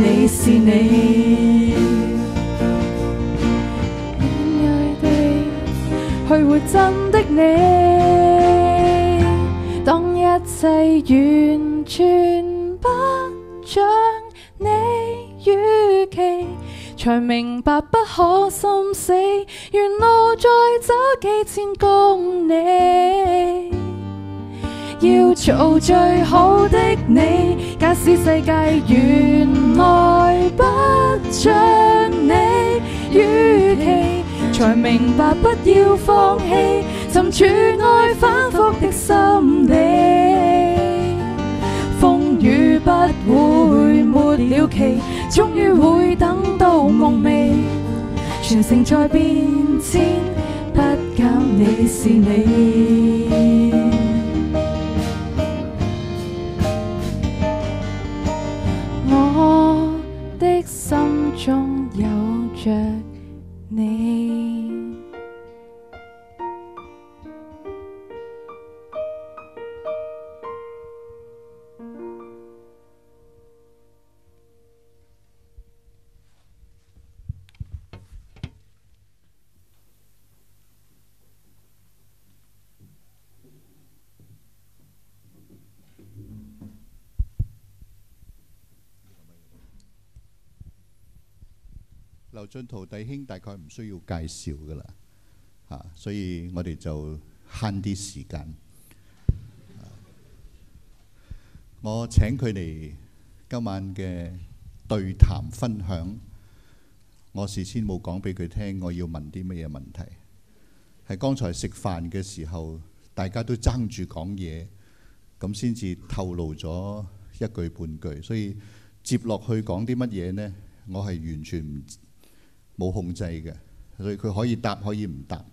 你是你，忍耐地去活真的你。當一切完全不像你預期，才明白不可心死，沿路再走幾千公里。要做最好的你，假使世界原來不像你預期，才明白不要放棄，沉住愛反覆的心底，風雨不會沒了期，終於會等到夢寐。全城在變遷，不減你是你。心中有着。進圖弟兄大概唔需要介紹噶啦，嚇，所以我哋就慳啲時間。我請佢哋今晚嘅對談分享，我事先冇講俾佢聽，我要問啲乜嘢問題。係剛才食飯嘅時候，大家都爭住講嘢，咁先至透露咗一句半句。所以接落去講啲乜嘢呢？我係完全唔冇控制嘅，所以佢可以答可以唔答。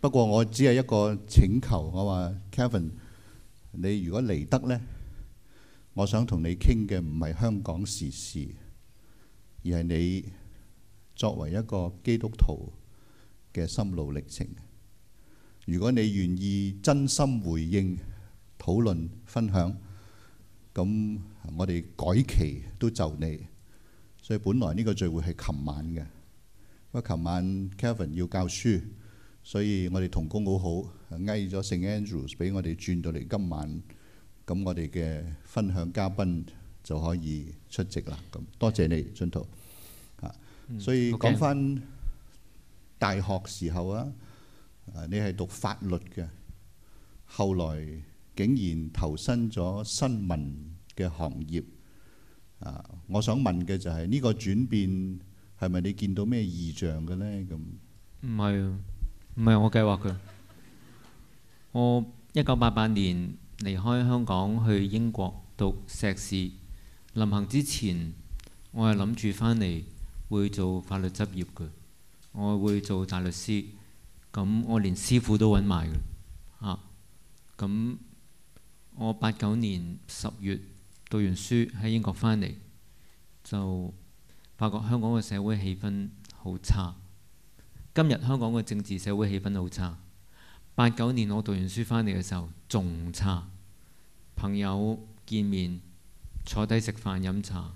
不過我只係一個請求，我話 Kevin，你如果嚟得呢，我想同你傾嘅唔係香港時事，而係你作為一個基督徒嘅心路歷程。如果你願意真心回應討論分享，咁我哋改期都就你。所以本來呢個聚會係琴晚嘅。哇！琴晚 Kevin 要教書，所以我哋同工好好，嗌咗聖安德魯斯俾我哋轉到嚟今晚，咁我哋嘅分享嘉賓就可以出席啦。咁多謝你，進圖。啊，所以講翻大學時候啊，你係讀法律嘅，後來竟然投身咗新聞嘅行業。啊，我想問嘅就係呢個轉變。係咪你見到咩異象嘅咧？咁唔係啊，唔係我計劃嘅。我一九八八年離開香港去英國讀碩士，臨行之前我係諗住翻嚟會做法律執業嘅，我會做大律師。咁我連師傅都揾埋嘅，嚇、啊。咁我八九年十月讀完書喺英國翻嚟就，發覺香港嘅社會氣氛好差，今日香港嘅政治社會氣氛好差。八九年我讀完書翻嚟嘅時候仲差，朋友見面坐低食飯飲茶，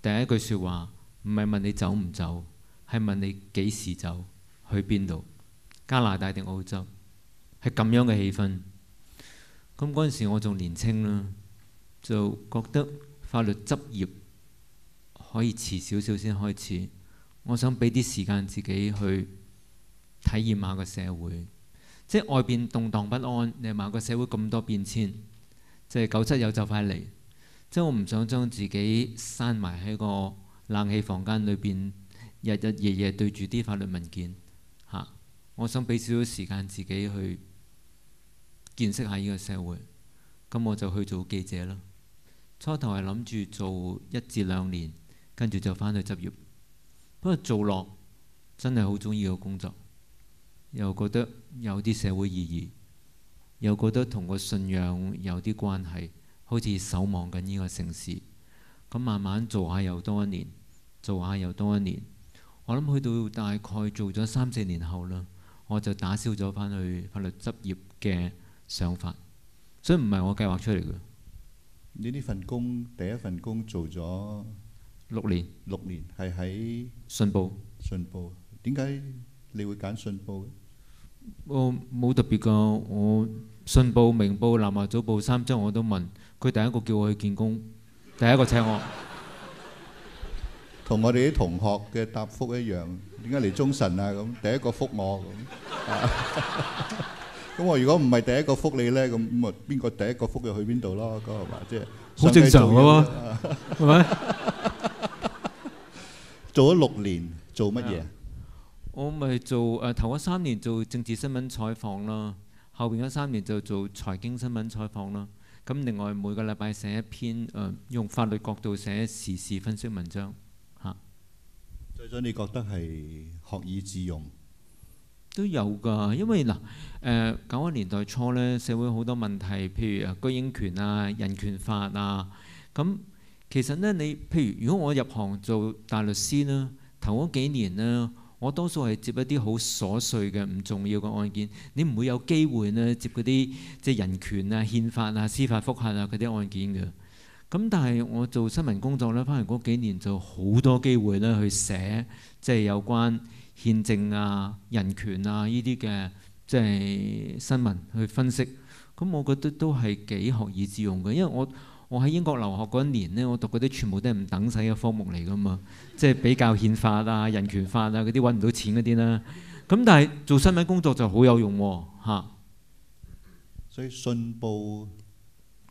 第一句說話唔係問你走唔走，係問你幾時走去邊度，加拿大定澳洲，係咁樣嘅氣氛。咁嗰陣時我仲年青啦，就覺得法律執業。可以遲少少先開始。我想俾啲時間自己去體驗下個社會，即係外邊動盪不安。你問個社會咁多變遷，即係九七有就快嚟，即係我唔想將自己閂埋喺個冷氣房間裏邊，日日夜夜對住啲法律文件嚇、啊。我想俾少少時間自己去見識下呢個社會，咁我就去做記者啦。初頭係諗住做一至兩年。跟住就翻去執業，不過做落真係好中意個工作，又覺得有啲社會意義，又覺得同個信仰有啲關係，好似守望緊呢個城市。咁慢慢做下又多一年，做下又多一年。我諗去到大概做咗三四年後啦，我就打消咗翻去法律執業嘅想法。所以唔係我計劃出嚟嘅。你呢份工，第一份工做咗六年，六年係喺信報，信報。點解你會揀信報？哦冇特別噶，我信報、明報、南華早報、三張我都問。佢第一個叫我去見工，第一個請我。同我哋啲同學嘅答覆一樣，點解嚟中神啊？咁第一個覆我咁。咁我如果唔係第一個覆你咧，咁咁啊，邊個第一個覆又去邊度咯？嗰個話，即係好正常咯，係咪？做咗六年做乜嘢？啊？我咪做誒、呃、頭嗰三年做政治新聞採訪啦，後邊嗰三年就做財經新聞採訪啦。咁、啊、另外每個禮拜寫一篇誒、呃、用法律角度寫時事分析文章嚇。最、啊、左你覺得係學以致用都有㗎，因為嗱誒九十年代初咧，社會好多問題，譬如啊居英權啊、人權法啊咁。啊嗯其實咧，你譬如如果我入行做大律師啦，頭嗰幾年咧，我多數係接一啲好瑣碎嘅唔重要嘅案件，你唔會有機會咧接嗰啲即係人權啊、憲法啊、司法覆核啊嗰啲案件嘅。咁但係我做新聞工作呢，翻嚟嗰幾年就好多機會呢去寫即係有關憲政啊、人權啊呢啲嘅即係新聞去分析。咁我覺得都係幾學以致用嘅，因為我。我喺英國留學嗰一年呢，我讀嗰啲全部都係唔等使嘅科目嚟㗎嘛，即係比較憲法啊、人權法啊嗰啲揾唔到錢嗰啲啦。咁但係做新聞工作就好有用喎、啊啊、所以信報我、啊啊，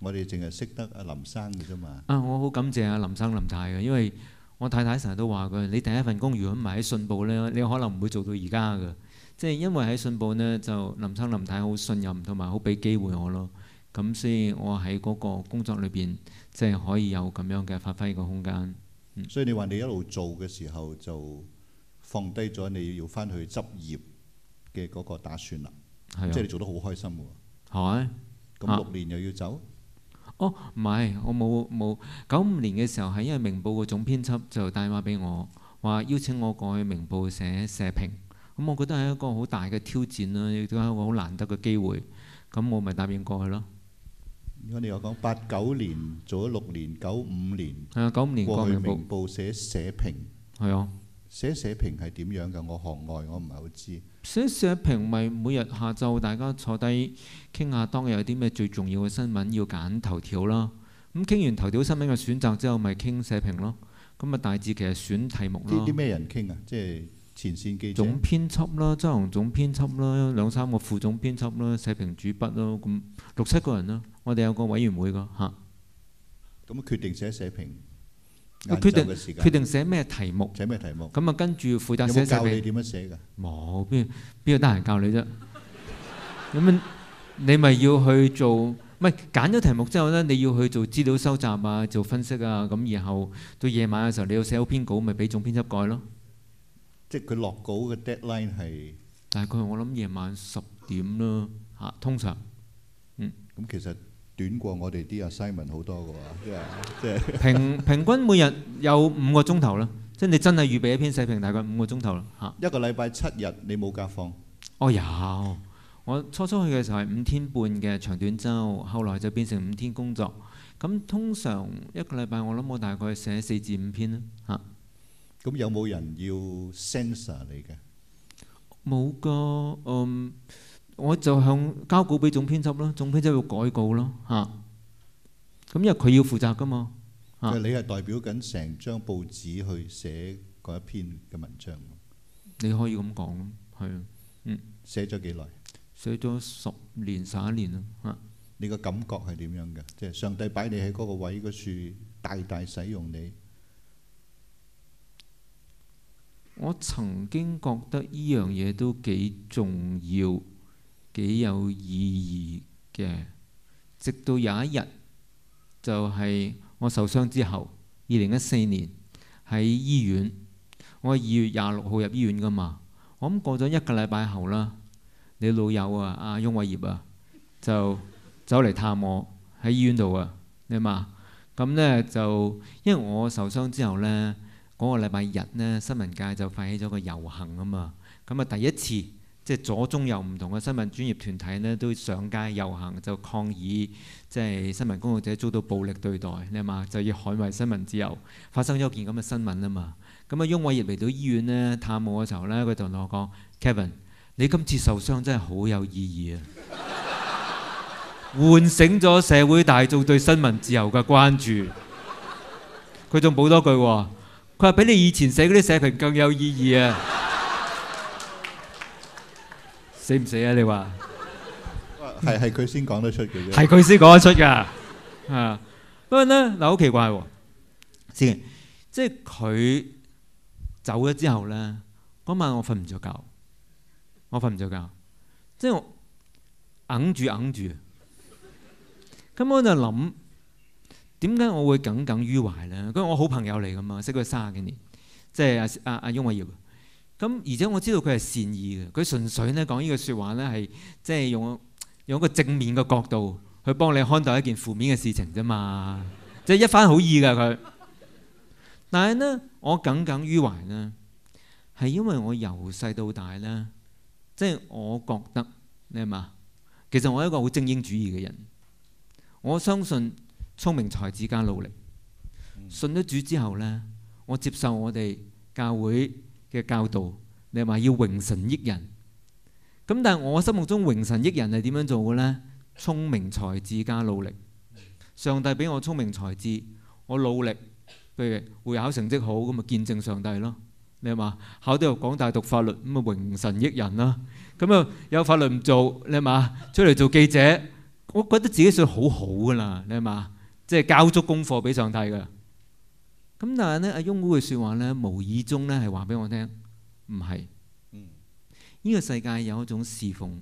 我哋淨係識得阿林生嘅啫嘛。嗯，我好感謝阿林生林太嘅，因為我太太成日都話佢：你第一份工如果唔係喺信報呢，你可能唔會做到而家嘅。即、就、係、是、因為喺信報呢，就林生林太好信任同埋好俾機會我咯。咁所以我喺嗰個工作裏邊，即係可以有咁樣嘅發揮嘅空間、嗯。所以你話你一路做嘅時候就放低咗你要翻去執業嘅嗰個打算啦，即係是的 你做得好開心喎。係、啊，咁六年又要走？啊、哦，唔係，我冇冇，九五年嘅時候係因為明報嘅總編輯就帶話俾我話邀請我過去明報寫社評，咁我覺得係一個好大嘅挑戰啦，亦都係一個好難得嘅機會，咁我咪答應過去咯。如你有講八九年做咗六年，九五年係啊，九五年過去明報寫社評係啊，的寫社評係點樣噶？我學外我唔係好知寫社評咪每日下晝大家坐低傾下，當日有啲咩最重要嘅新聞要揀頭條啦。咁傾完頭條新聞嘅選擇之後，咪傾社評咯。咁啊，大致其實選題目咯。啲咩人傾啊？即係前線記者、總編輯啦、執行總編輯啦、兩三個副總編輯啦、社評主筆咯，咁六七個人啦。我哋有個委員會㗎吓，咁決定寫寫評，決定決定寫咩題目？寫咩題目？咁啊跟住負責寫評。有教你點樣寫㗎？冇，邊邊個得閒教你啫？咁你咪要去做，唔係揀咗題目之後咧，你要去做資料收集啊、做分析啊，咁然後到夜晚嘅時候，你要寫好篇稿，咪俾總編輯改咯。即係佢落稿嘅 deadline 係？大概我諗夜晚十點囉吓，通常。嗯。咁其實。短過我哋啲阿 Simon 好多嘅喎，即係即係平平均每日有五個鐘頭啦，即係你真係預備一篇社評大概五個鐘頭啦嚇。一個禮拜七日你冇假放？哦有，我初初去嘅時候係五天半嘅長短週，後來就變成五天工作。咁通常一個禮拜我諗我大概寫四至五篇啦嚇。咁有冇人要 censor 你嘅？冇噶，嗯。我就向交稿俾總編輯咯，總編輯要改稿咯，吓、啊。咁因為佢要負責噶嘛，吓、啊。你係代表緊成張報紙去寫嗰一篇嘅文章。你可以咁講咯，係啊，嗯，寫咗幾耐？寫咗十年、十一年咯，嚇、啊。你個感覺係點樣嘅？即係上帝擺你喺嗰個位嗰處，嗰個、樹大大使用你。我曾經覺得依樣嘢都幾重要。幾有意義嘅，直到有一日就係、是、我受傷之後，二零一四年喺醫院，我二月廿六號入醫院㗎嘛，我諗過咗一個禮拜後啦，你老友啊，阿翁偉業啊，就走嚟探我喺醫院度啊，你嘛，咁呢，就因為我受傷之後呢，嗰、那個禮拜日呢，新聞界就發起咗個遊行啊嘛，咁啊第一次。即係左中右唔同嘅新聞專業團體呢，都上街遊行就抗議，即係新聞工作者遭到暴力對待，你明嘛？就要捍衞新聞自由。發生咗件咁嘅新聞啊嘛，咁啊，翁偉業嚟到醫院呢，探望我嘅時候呢，佢就同我講：Kevin，你今次受傷真係好有意義啊！喚醒咗社會大眾對新聞自由嘅關注。佢仲補多句喎，佢話比你以前寫嗰啲社評更有意義啊！死唔死啊？你話係係佢先講得出嘅，係佢先講得出㗎。啊！不過咧嗱，好奇怪喎、啊、先，即係佢走咗之後咧，嗰晚我瞓唔着覺，我瞓唔着覺，即係我硬住硬住。咁我就諗點解我會耿耿於懷咧？因為我好朋友嚟㗎嘛，識佢卅幾年，即係阿阿阿雍偉耀。咁而且我知道佢係善意嘅，佢純粹咧，講個說呢個説話咧，係即係用用一個正面嘅角度去幫你看待一件負面嘅事情啫嘛，即係 一番好意嘅佢。但係呢，我耿耿於懷呢，係因為我由細到大呢，即係我覺得你係嘛？其實我係一個好精英主義嘅人，我相信聰明才智加努力。信咗主之後呢，我接受我哋教會。嘅教導，你係咪要榮神益人，咁但係我心目中榮神益人係點樣做嘅咧？聰明才智加努力，上帝俾我聰明才智，我努力，譬如會考成績好，咁咪見證上帝咯。你係咪考到廣大讀法律，咁咪榮神益人啦，啊。咁啊有法律唔做，你係咪出嚟做記者，我覺得自己算好好噶啦。你係咪即係交足功課俾上帝嘅。咁但係咧，阿翁嗰嘅說話咧，無意中咧係話俾我聽，唔係，呢、嗯、個世界有一種侍奉，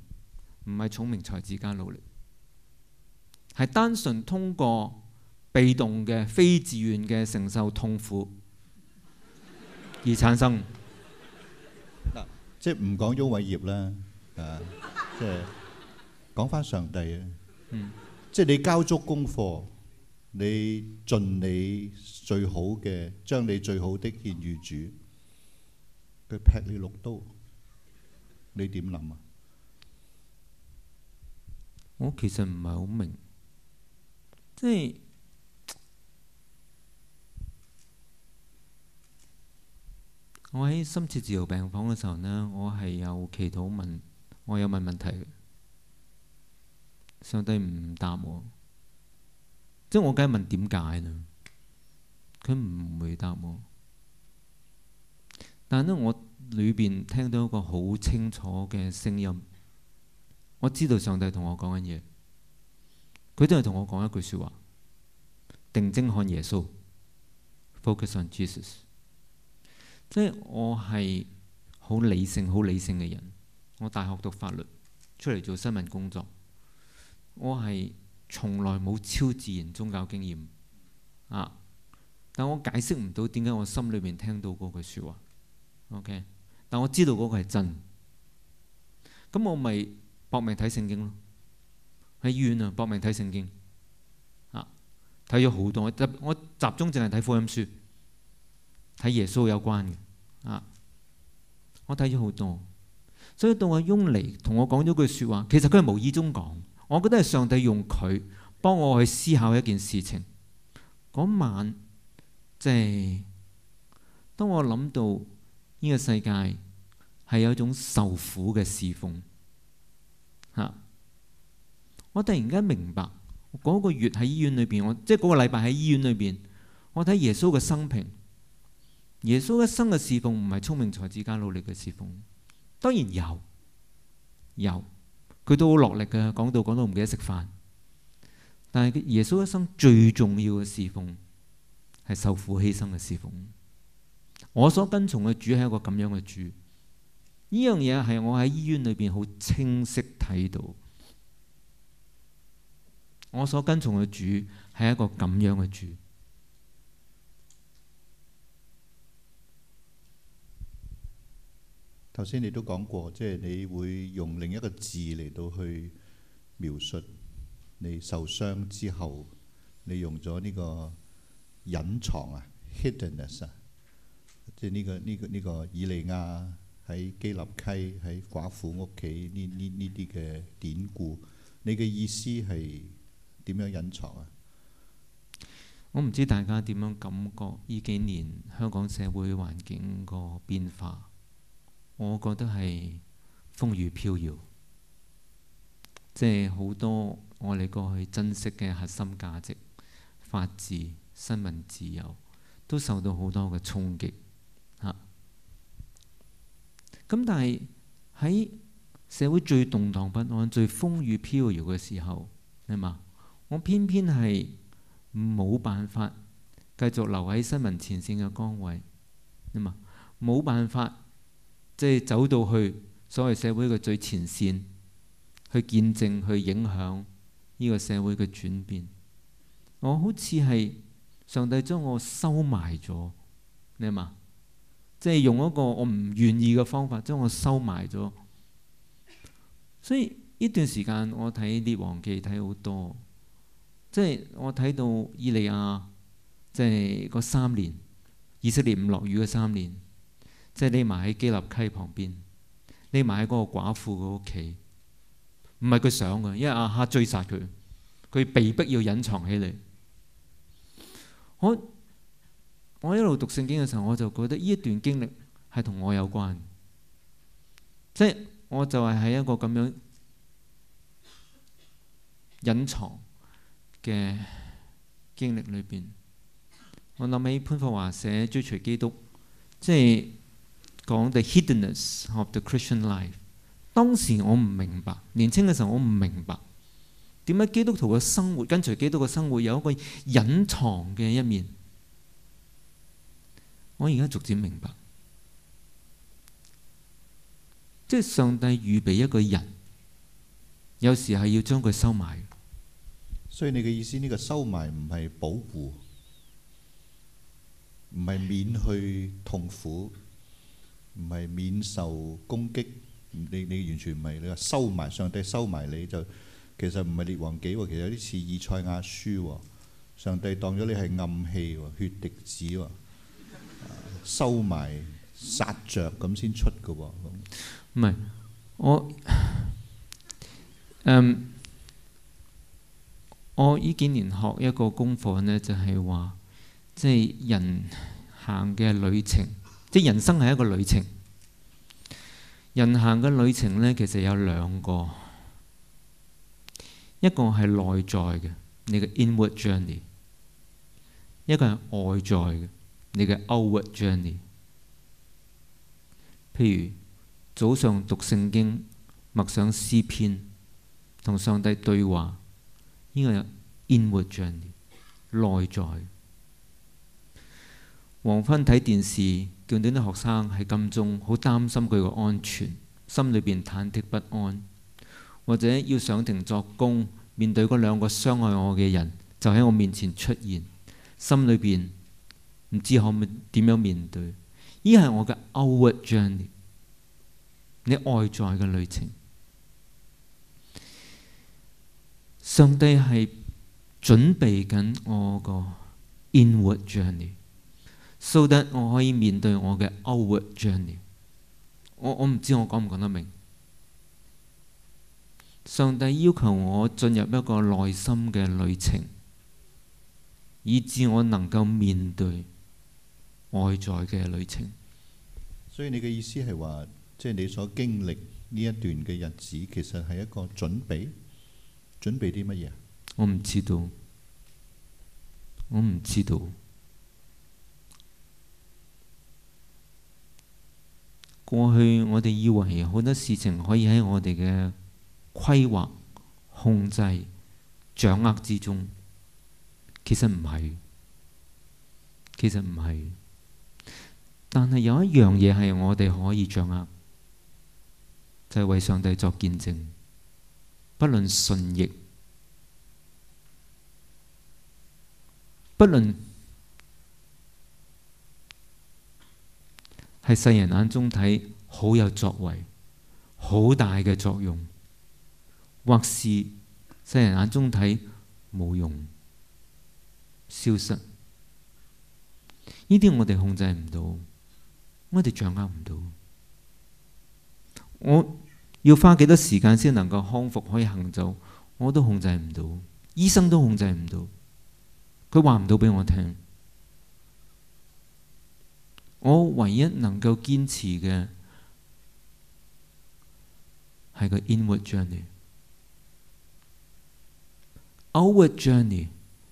唔係聰明才智加努力，係單純通過被動嘅非自願嘅承受痛苦 而產生。嗱， 即係唔講翁偉業啦，啊，即係講翻上帝啊，嗯、即係你交足功課，你盡你。最好嘅，將你最好的獻於主，佢劈你六刀，你點諗啊？我其實唔係好明白，即係我喺深切治由病房嘅時候呢，我係有祈禱問，我有問問題相，上帝唔答我，即我梗係問點解呢？佢唔回答我，但係咧，我裏邊聽到一個好清楚嘅聲音，我知道上帝同我講緊嘢。佢都係同我講一句說話：說話定睛看耶穌，focus on Jesus。即係我係好理性、好理性嘅人。我大學讀法律，出嚟做新聞工作。我係從來冇超自然宗教經驗啊！但我解釋唔到點解我心裏面聽到嗰句說話。OK，但我知道嗰個係真，咁我咪搏命睇聖經咯。喺醫院啊，搏命睇聖經啊，睇咗好多。我集中淨係睇福音書，睇耶穌有關嘅啊。我睇咗好多，所以到阿雍嚟，同我講咗句說話，其實佢係無意中講。我覺得係上帝用佢幫我去思考一件事情嗰晚。即係當我諗到呢個世界係有一種受苦嘅侍奉吓，我突然間明白嗰個月喺醫院裏邊，我即係嗰個禮拜喺醫院裏邊，我睇耶穌嘅生平，耶穌一生嘅侍奉唔係聰明才智加努力嘅侍奉，當然有有，佢都好落力嘅，講到講到唔記得食飯，但係耶穌一生最重要嘅侍奉，係受苦犧牲嘅侍奉，我所跟從嘅主係一個咁樣嘅主，呢樣嘢係我喺醫院裏邊好清晰睇到，我所跟從嘅主係一個咁樣嘅主。頭先你都講過，即係你會用另一個字嚟到去描述你受傷之後，你用咗呢個。隱藏啊，hiddenness 啊，即係呢個呢個呢個以利亞喺基立溪喺寡婦屋企呢呢呢啲嘅典故，你嘅意思係點樣隱藏啊？我唔知大家點樣感覺呢幾年香港社會環境個變化，我覺得係風雨飄搖，即係好多我哋過去珍惜嘅核心價值法治。新聞自由都受到好多嘅衝擊，嚇、啊。咁但係喺社會最動盪不安、最風雨飄搖嘅時候，係嘛，我偏偏係冇辦法繼續留喺新聞前線嘅崗位，係嘛，冇辦法即係走到去所謂社會嘅最前線去見證、去影響呢個社會嘅轉變，我好似係。上帝將我收埋咗，你明嘛？即係用一個我唔願意嘅方法將我收埋咗。所以呢段時間我睇《列王記》睇好多，即係我睇到以利亞，即係嗰三年，以色列唔落雨嘅三年，即係匿埋喺基立溪旁邊，匿埋喺嗰個寡婦嘅屋企。唔係佢想嘅，因為亞哈追殺佢，佢被逼要隱藏起嚟。我我一路讀聖經嘅時候，我就覺得呢一段經歷係同我有關的，即係我就係喺一個咁樣隱藏嘅經歷裏邊。我諗起潘霍華寫《追隨基督》，即係講 the hiddenness of the Christian life。當時我唔明白，年輕嘅時候我唔明白。點解基督徒嘅生活跟隨基督徒嘅生活有一個隱藏嘅一面？我而家逐漸明白，即係上帝預備一個人，有時係要將佢收埋。所以你嘅意思，呢個收埋唔係保護，唔係免去痛苦，唔係免受攻擊。你你完全唔係。你話收埋上帝，收埋你就。其實唔係列王紀喎，其實有啲似以賽亞書喎。上帝當咗你係暗器喎，血滴子喎，收、啊、埋殺着咁先出嘅喎。唔係，我誒、嗯，我呢幾年學一個功課咧，就係話，即係人行嘅旅程，即、就、係、是、人生係一個旅程。人行嘅旅程咧，其實有兩個。一個係內在嘅，你嘅 inward journey；一個係外在嘅，你嘅 outward journey。譬如早上讀聖經、默想詩篇、同上帝對話，呢個係 inward journey，內在。黃昏睇電視，見到啲學生喺金鐘，好擔心佢嘅安全，心裏邊忐忑不安。或者要上庭作供，面對嗰兩個傷害我嘅人就喺我面前出現，心裏邊唔知可唔可以點樣面對。呢係我嘅 outward journey，你外在嘅旅程。上帝係準備緊我個 inward journey，so that 我可以面對我嘅 outward journey。我我唔知我講唔講得明。上帝要求我進入一個內心嘅旅程，以至我能夠面對外在嘅旅程。所以你嘅意思係話，即係你所經歷呢一段嘅日子，其實係一個準備，準備啲乜嘢？我唔知道，我唔知道。過去我哋以為好多事情可以喺我哋嘅規劃、控制、掌握之中，其實唔係，其實唔係，但係有一樣嘢係我哋可以掌握，就係、是、為上帝作見證，不論順逆，不論係世人眼中睇好有作為，好大嘅作用。或是世人眼中睇冇用、消失，呢啲我哋控制唔到，我哋掌握唔到。我要花幾多時間先能夠康復、可以行走，我都控制唔到，醫生都控制唔到，佢話唔到俾我聽。我唯一能夠堅持嘅係個 inward journey。over journey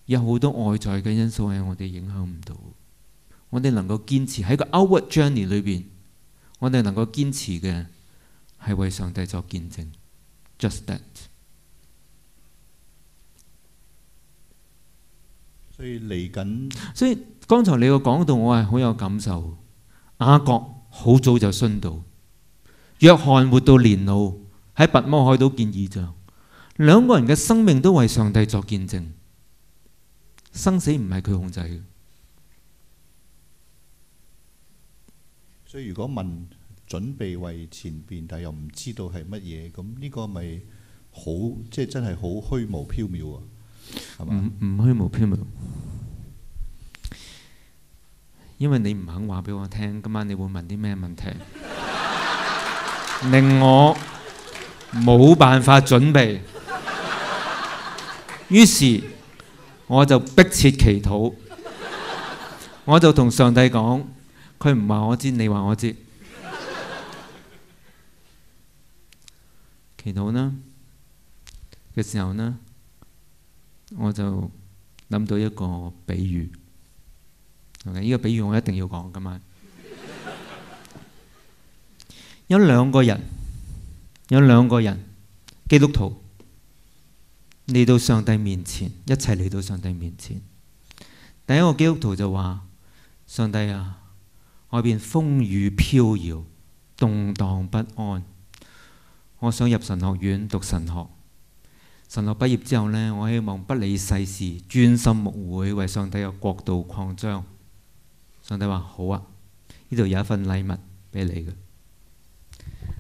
有好多外在嘅因素係我哋影響唔到。我哋能夠堅持喺個 over journey 裏邊，我哋能夠堅持嘅係為上帝作見證，just that。所以嚟緊，所以剛才你嘅講到，我係好有感受。雅各好早就殉道，約翰活到年老，喺拔摩海島見異象。兩個人嘅生命都為上帝作見證，生死唔係佢控制嘅。所以如果問準備為前邊，但又唔知道係乜嘢，咁、這、呢個咪好即係真係好虛無縹緲啊？係嘛？唔唔虛無縹緲，因為你唔肯話俾我聽，今晚你會問啲咩問題，令我冇辦法準備。 於是我就迫切祈禱， 我就同上帝講：佢唔話我知，你話我知。 祈禱呢嘅時候呢，我就諗到一個比喻。呢、呢個比喻我一定要講今晚。 有兩個人，有兩個人基督徒。嚟到上帝面前，一齊嚟到上帝面前。第一個基督徒就話：上帝啊，外邊風雨飄搖，動盪不安。我想入神學院讀神學，神學畢業之後呢，我希望不理世事，專心牧會，為上帝嘅國度擴張。上帝話：好啊，呢度有一份禮物俾你嘅。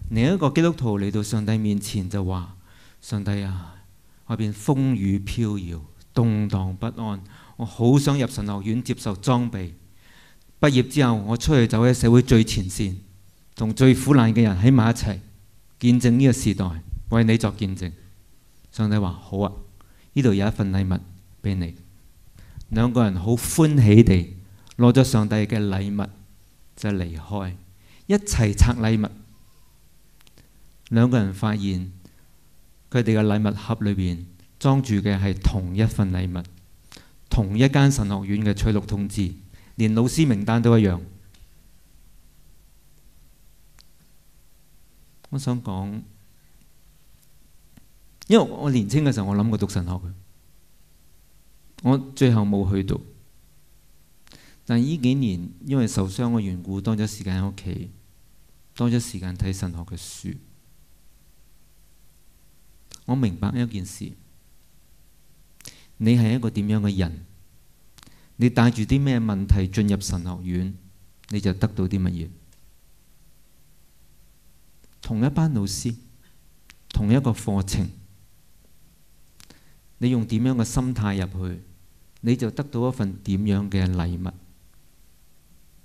另一個基督徒嚟到上帝面前就話：上帝啊。外邊風雨飄搖，動盪不安，我好想入神學院接受裝備。畢業之後，我出去走喺社會最前線，同最苦難嘅人喺埋一齊，見證呢個時代，為你作見證。上帝話：好啊，呢度有一份禮物俾你。兩個人好歡喜地攞咗上帝嘅禮物，就是離開，一齊拆禮物。兩個人發現。佢哋嘅禮物盒裏邊裝住嘅係同一份禮物，同一間神學院嘅取錄通知，連老師名單都一樣。我想講，因為我年輕嘅時候，我諗過讀神學嘅，我最後冇去讀。但呢幾年，因為受傷嘅緣故，多咗時間喺屋企，多咗時間睇神學嘅書。我明白一件事，你係一個點樣嘅人，你帶住啲咩問題進入神學院，你就得到啲乜嘢？同一班老師，同一個課程，你用點樣嘅心態入去，你就得到一份點樣嘅禮物，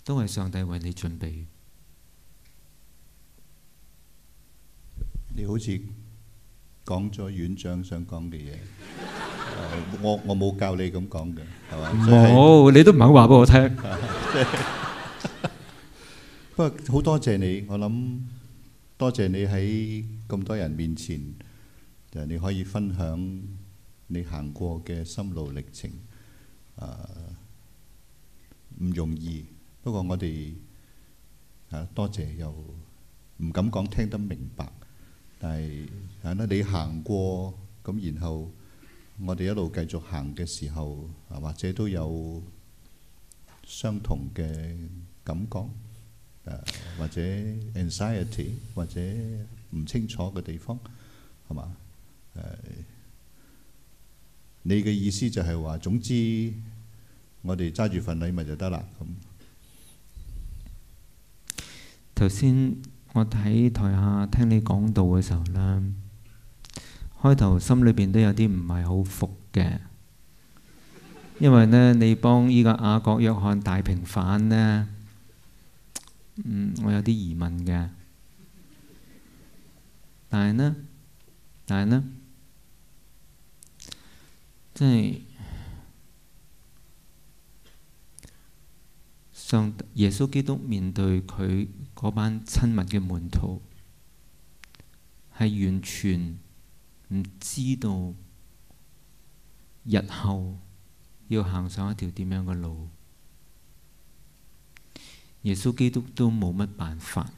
都係上帝為你準備嘅。你好似。講咗院長想講嘅嘢， 我我冇教你咁講嘅，係嘛？冇、嗯，你都唔肯話俾我聽。 不過好多謝你，我諗多謝你喺咁多人面前，就是、你可以分享你行過嘅心路歷程。誒、呃，唔容易。不過我哋嚇、啊、多謝又唔敢講，聽得明白。但係係啦，你行過咁，然後我哋一路繼續行嘅時候，係嘛？或者都有相同嘅感覺，誒，或者 anxiety，或者唔清楚嘅地方，係嘛？誒，你嘅意思就係話，總之我哋揸住份禮物就得啦。咁頭先。我喺台下聽你講道嘅時候呢，開頭心裏邊都有啲唔係好服嘅，因為呢，你幫呢個雅各約翰大平反呢，嗯，我有啲疑問嘅，但係呢，但係呢，即係上耶穌基督面對佢。嗰班親密嘅門徒係完全唔知道日後要行上一條點樣嘅路，耶穌基督都冇乜辦法，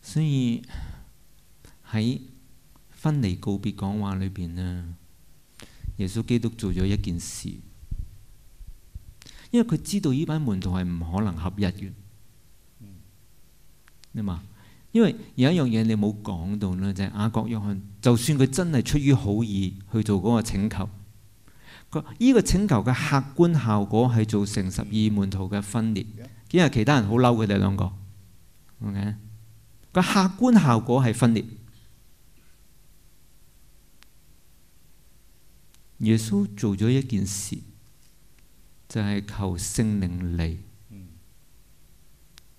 所以喺分離告別講話裏邊呢，耶穌基督做咗一件事。因為佢知道呢班門徒係唔可能合一嘅。嗯，因為有一樣嘢你冇講到咧，就係雅各約翰，就算佢真係出於好意去做嗰個請求，呢、呢個請求嘅客觀效果係造成十二門徒嘅分裂，嗯、因為其他人好嬲佢哋兩個，個、okay? 客觀效果係分裂。耶穌做咗一件事。就係求聖靈嚟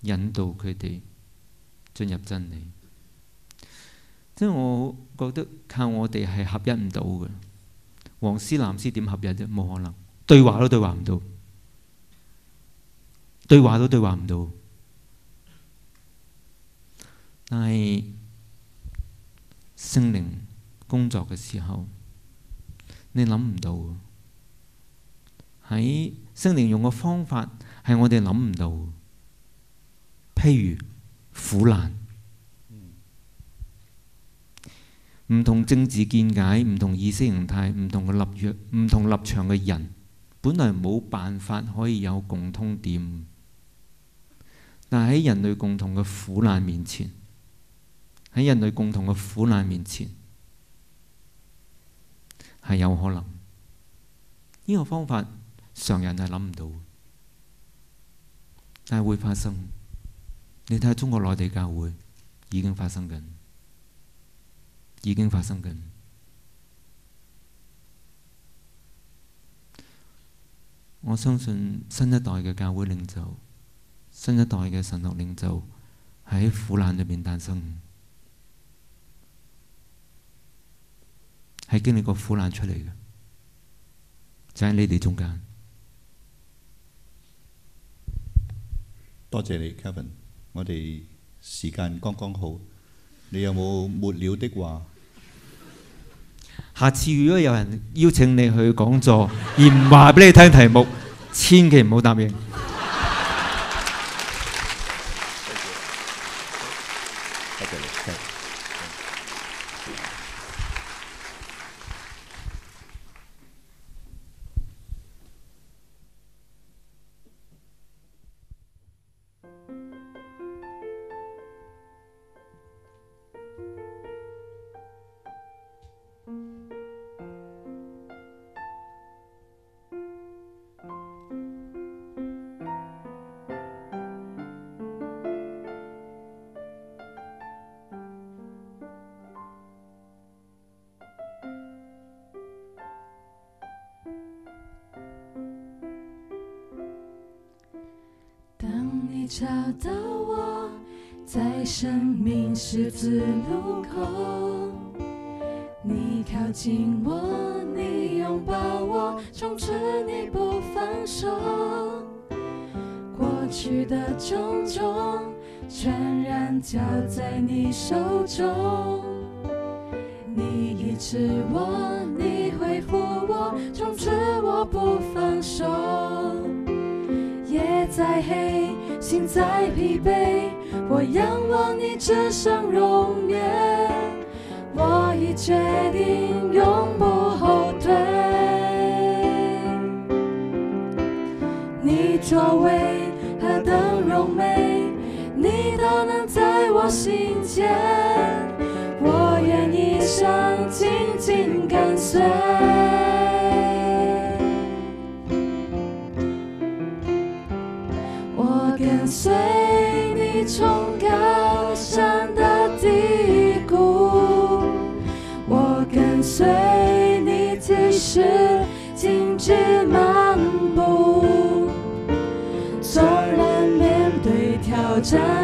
引導佢哋進入真理，即係我覺得靠我哋係合一唔到嘅。黃絲、藍絲點合一啫？冇可能，對話都對話唔到，對話都對話唔到。但係聖靈工作嘅時候，你諗唔到嘅。喺聖靈用嘅方法係我哋諗唔到，譬如苦難，唔、嗯、同政治見解、唔同意識形態、唔同嘅立約、唔同立場嘅人，本來冇辦法可以有共通點。但喺人類共同嘅苦難面前，喺人類共同嘅苦難面前係有可能呢、這個方法。常人係諗唔到，但係會發生。你睇下中國內地教會已經發生緊，已經發生緊。我相信新一代嘅教會領袖，新一代嘅神學領袖喺苦難裏邊誕生，係經歷過苦難出嚟嘅，就喺你哋中間。多謝你，Kevin。我哋時間剛剛好，你有冇沒，沒了的話？下次如果有人邀請你去講座而唔話俾你聽題目， 千祈唔好答應。你手中，你醫治我，你恢復我，從此我不放手。夜再黑，心再疲憊，我仰望你只剩容顏，我已決定永不後退。你作為何等榮美，你都能在。我心間，我願一生緊緊跟隨。我跟隨你從高山到低谷，我跟隨你即使荊棘滿佈，縱然面對挑戰，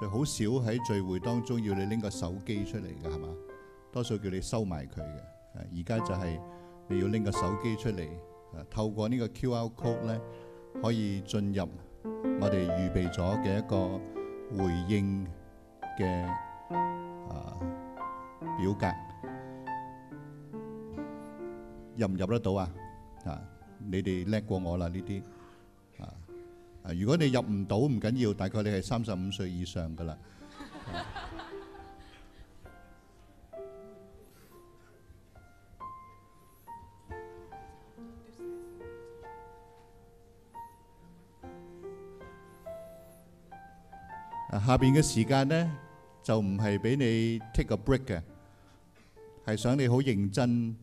就好少喺聚會當中要你拎個手機出嚟嘅係嘛？多數叫你收埋佢嘅。而家就係你要拎個手機出嚟，透過呢個 QR code 咧，可以進入我哋預備咗嘅一個回應嘅啊表格，入唔入得到啊？啊，你哋叻過我啦呢啲。啊！如果你入唔到唔緊要，大概你係三十五歲以上噶啦、 啊。下邊嘅時間呢，就唔係俾你 take a break 嘅，係想你好認真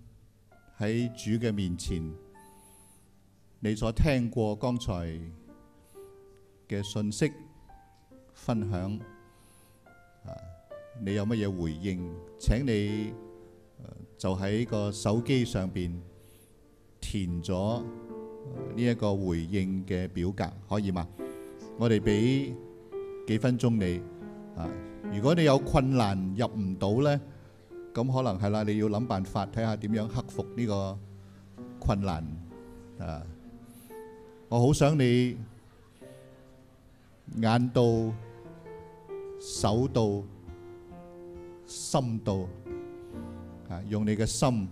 喺主嘅面前，你所聽過剛才嘅信息分享，啊，你有乜嘢回應？請你就喺個手機上邊填咗呢一個回應嘅表格，可以嗎？我哋俾幾分鐘你啊，如果你有困難入唔到咧，咁可能係啦，你要諗辦法睇下點樣克服呢個困難啊！我好想你。眼到，手到，心到，啊！用你嘅心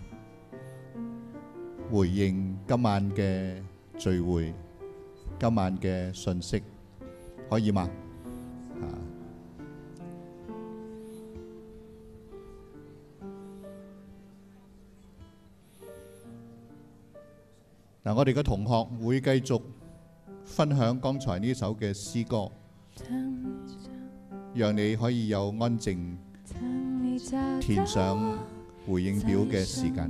回應今晚嘅聚會，今晚嘅信息，可以嘛？嗱，我哋嘅同學會繼續。分享剛才呢首嘅詩歌，讓你可以有安靜，填上回應表嘅時間。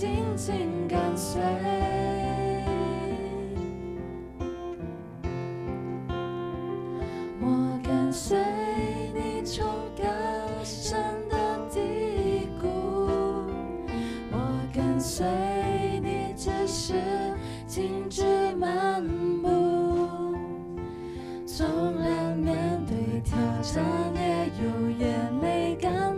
緊緊跟隨，我跟隨你從高山到低谷，我跟隨你只是停止漫步，縱然面對挑戰也有眼淚乾。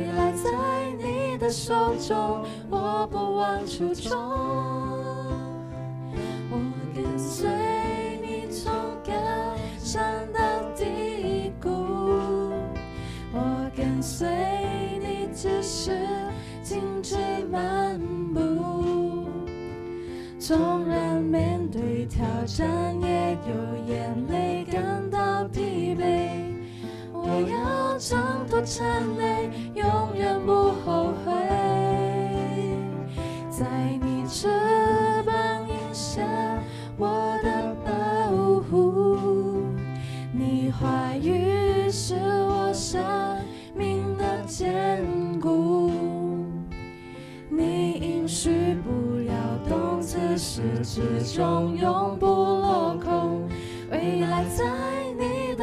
未來在你的手中，我不忘初衷。 我跟隨你從高山到低谷，我跟隨你只是靜止漫步。縱然面對挑戰，也有眼淚感到疲憊，我要掙脫纏。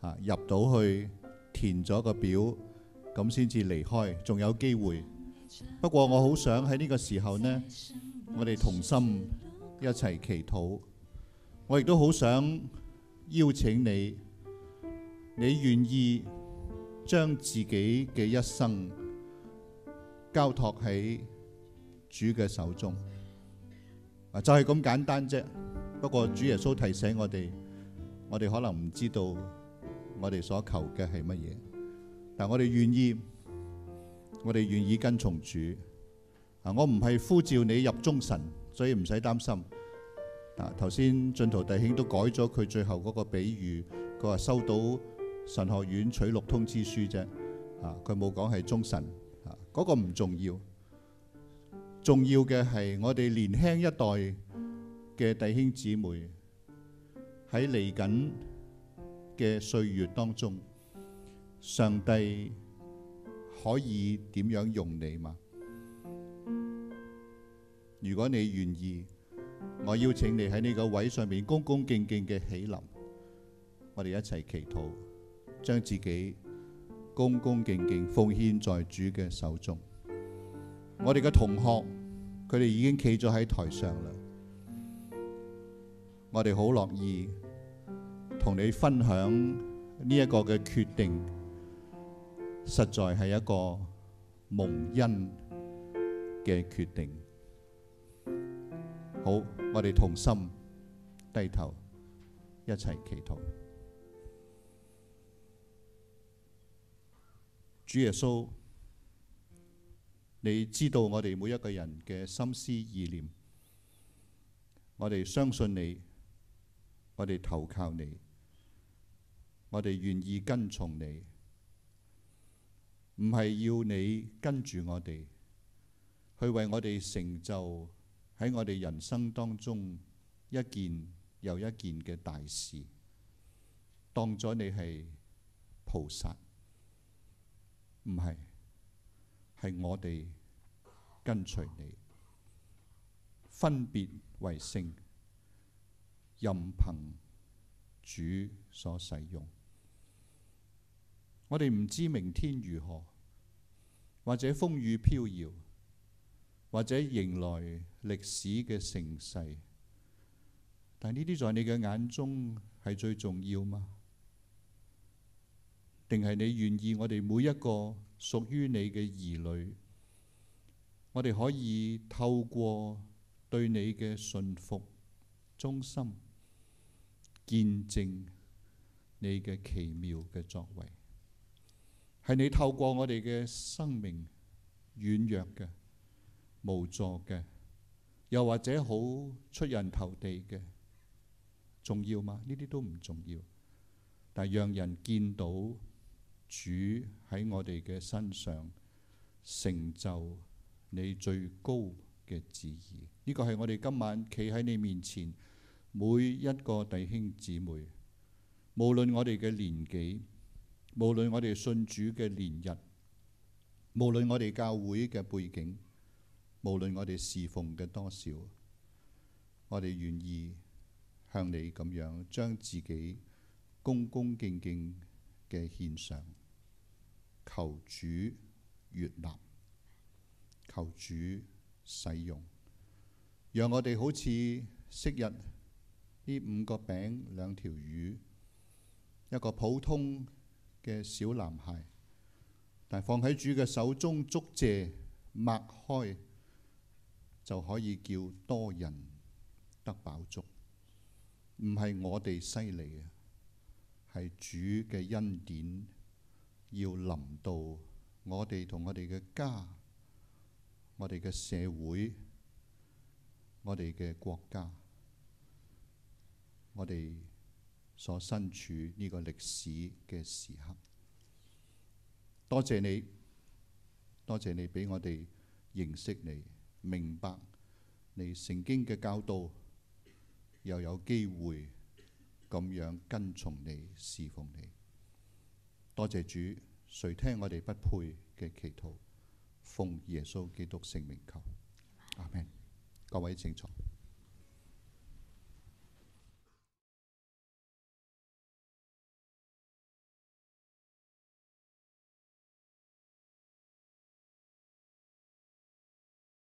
啊！入到去填咗個表，咁先至離開，仲有機會。不過我好想喺呢個時候呢，我哋同心一齊祈禱。我亦都好想邀請你，你願意將自己嘅一生交託喺主嘅手中啊！就係咁簡單啫。不過主耶穌提醒我哋，我哋可能唔知道。我哋所求嘅係乜嘢？但我哋願意，我哋願意跟從主。啊，我唔係呼召你入中神，所以唔使擔心。啊，頭先進圖弟兄都改咗佢最後嗰個比喻，佢話收到神學院取錄通知書啫。啊，佢冇講係中神，啊，嗰個唔重要。重要嘅係我哋年輕一代嘅弟兄姊妹喺嚟緊。嘅歲月當中，上帝可以點樣用你嘛？如果你願意，我邀請你喺呢個位上面恭恭敬敬嘅起立，我哋一齊祈禱，將自己恭恭敬敬奉獻在主嘅手中。我哋嘅同學，佢哋已經企咗喺台上啦，我哋好樂意。同你分享呢一個嘅決定，實在係一個蒙恩嘅決定。好，我哋同心低頭，一齊祈禱。主耶穌，你知道我哋每一個人嘅心思意念，我哋相信你，我哋投靠你。我哋願意跟從你，唔係要你跟住我哋，去為我哋成就喺我哋人生當中一件又一件嘅大事。當咗你係菩薩，唔係，係我哋跟隨你，分別為聖，任憑主所使用。我哋唔知明天如何，或者風雨飄搖，或者迎來歷史嘅盛世，但呢啲在你嘅眼中係最重要嗎？定係你願意我哋每一個屬於你嘅兒女，我哋可以透過對你嘅信服、忠心，見證你嘅奇妙嘅作為。係你透過我哋嘅生命，軟弱嘅、無助嘅，又或者好出人頭地嘅，重要嗎？呢啲都唔重要，但係讓人見到主喺我哋嘅身上成就你最高嘅旨意。呢、這個係我哋今晚企喺你面前，每一個弟兄姊妹，無論我哋嘅年紀。無論我哋信主嘅年日，無論我哋教會嘅背景，無論我哋侍奉嘅多少，我哋願意向你咁樣將自己恭恭敬敬嘅獻上，求主悅納，求主使用，讓我哋好似昔日呢五個餅、兩條魚，一個普通嘅小男孩，但放喺主嘅手中，祝謝擘開就可以叫多人得飽足，唔係我哋犀利啊，係主嘅恩典要臨到我哋同我哋嘅家、我哋嘅社會、我哋嘅國家、我哋。所身處呢個歷史嘅時刻，多謝你，多謝你俾我哋認識你，明白你聖經嘅教導，又有機會咁樣跟從你，侍奉你。多謝主，誰聽我哋不配嘅祈禱，奉耶穌基督聖名求，阿門 Amen. 各位請坐。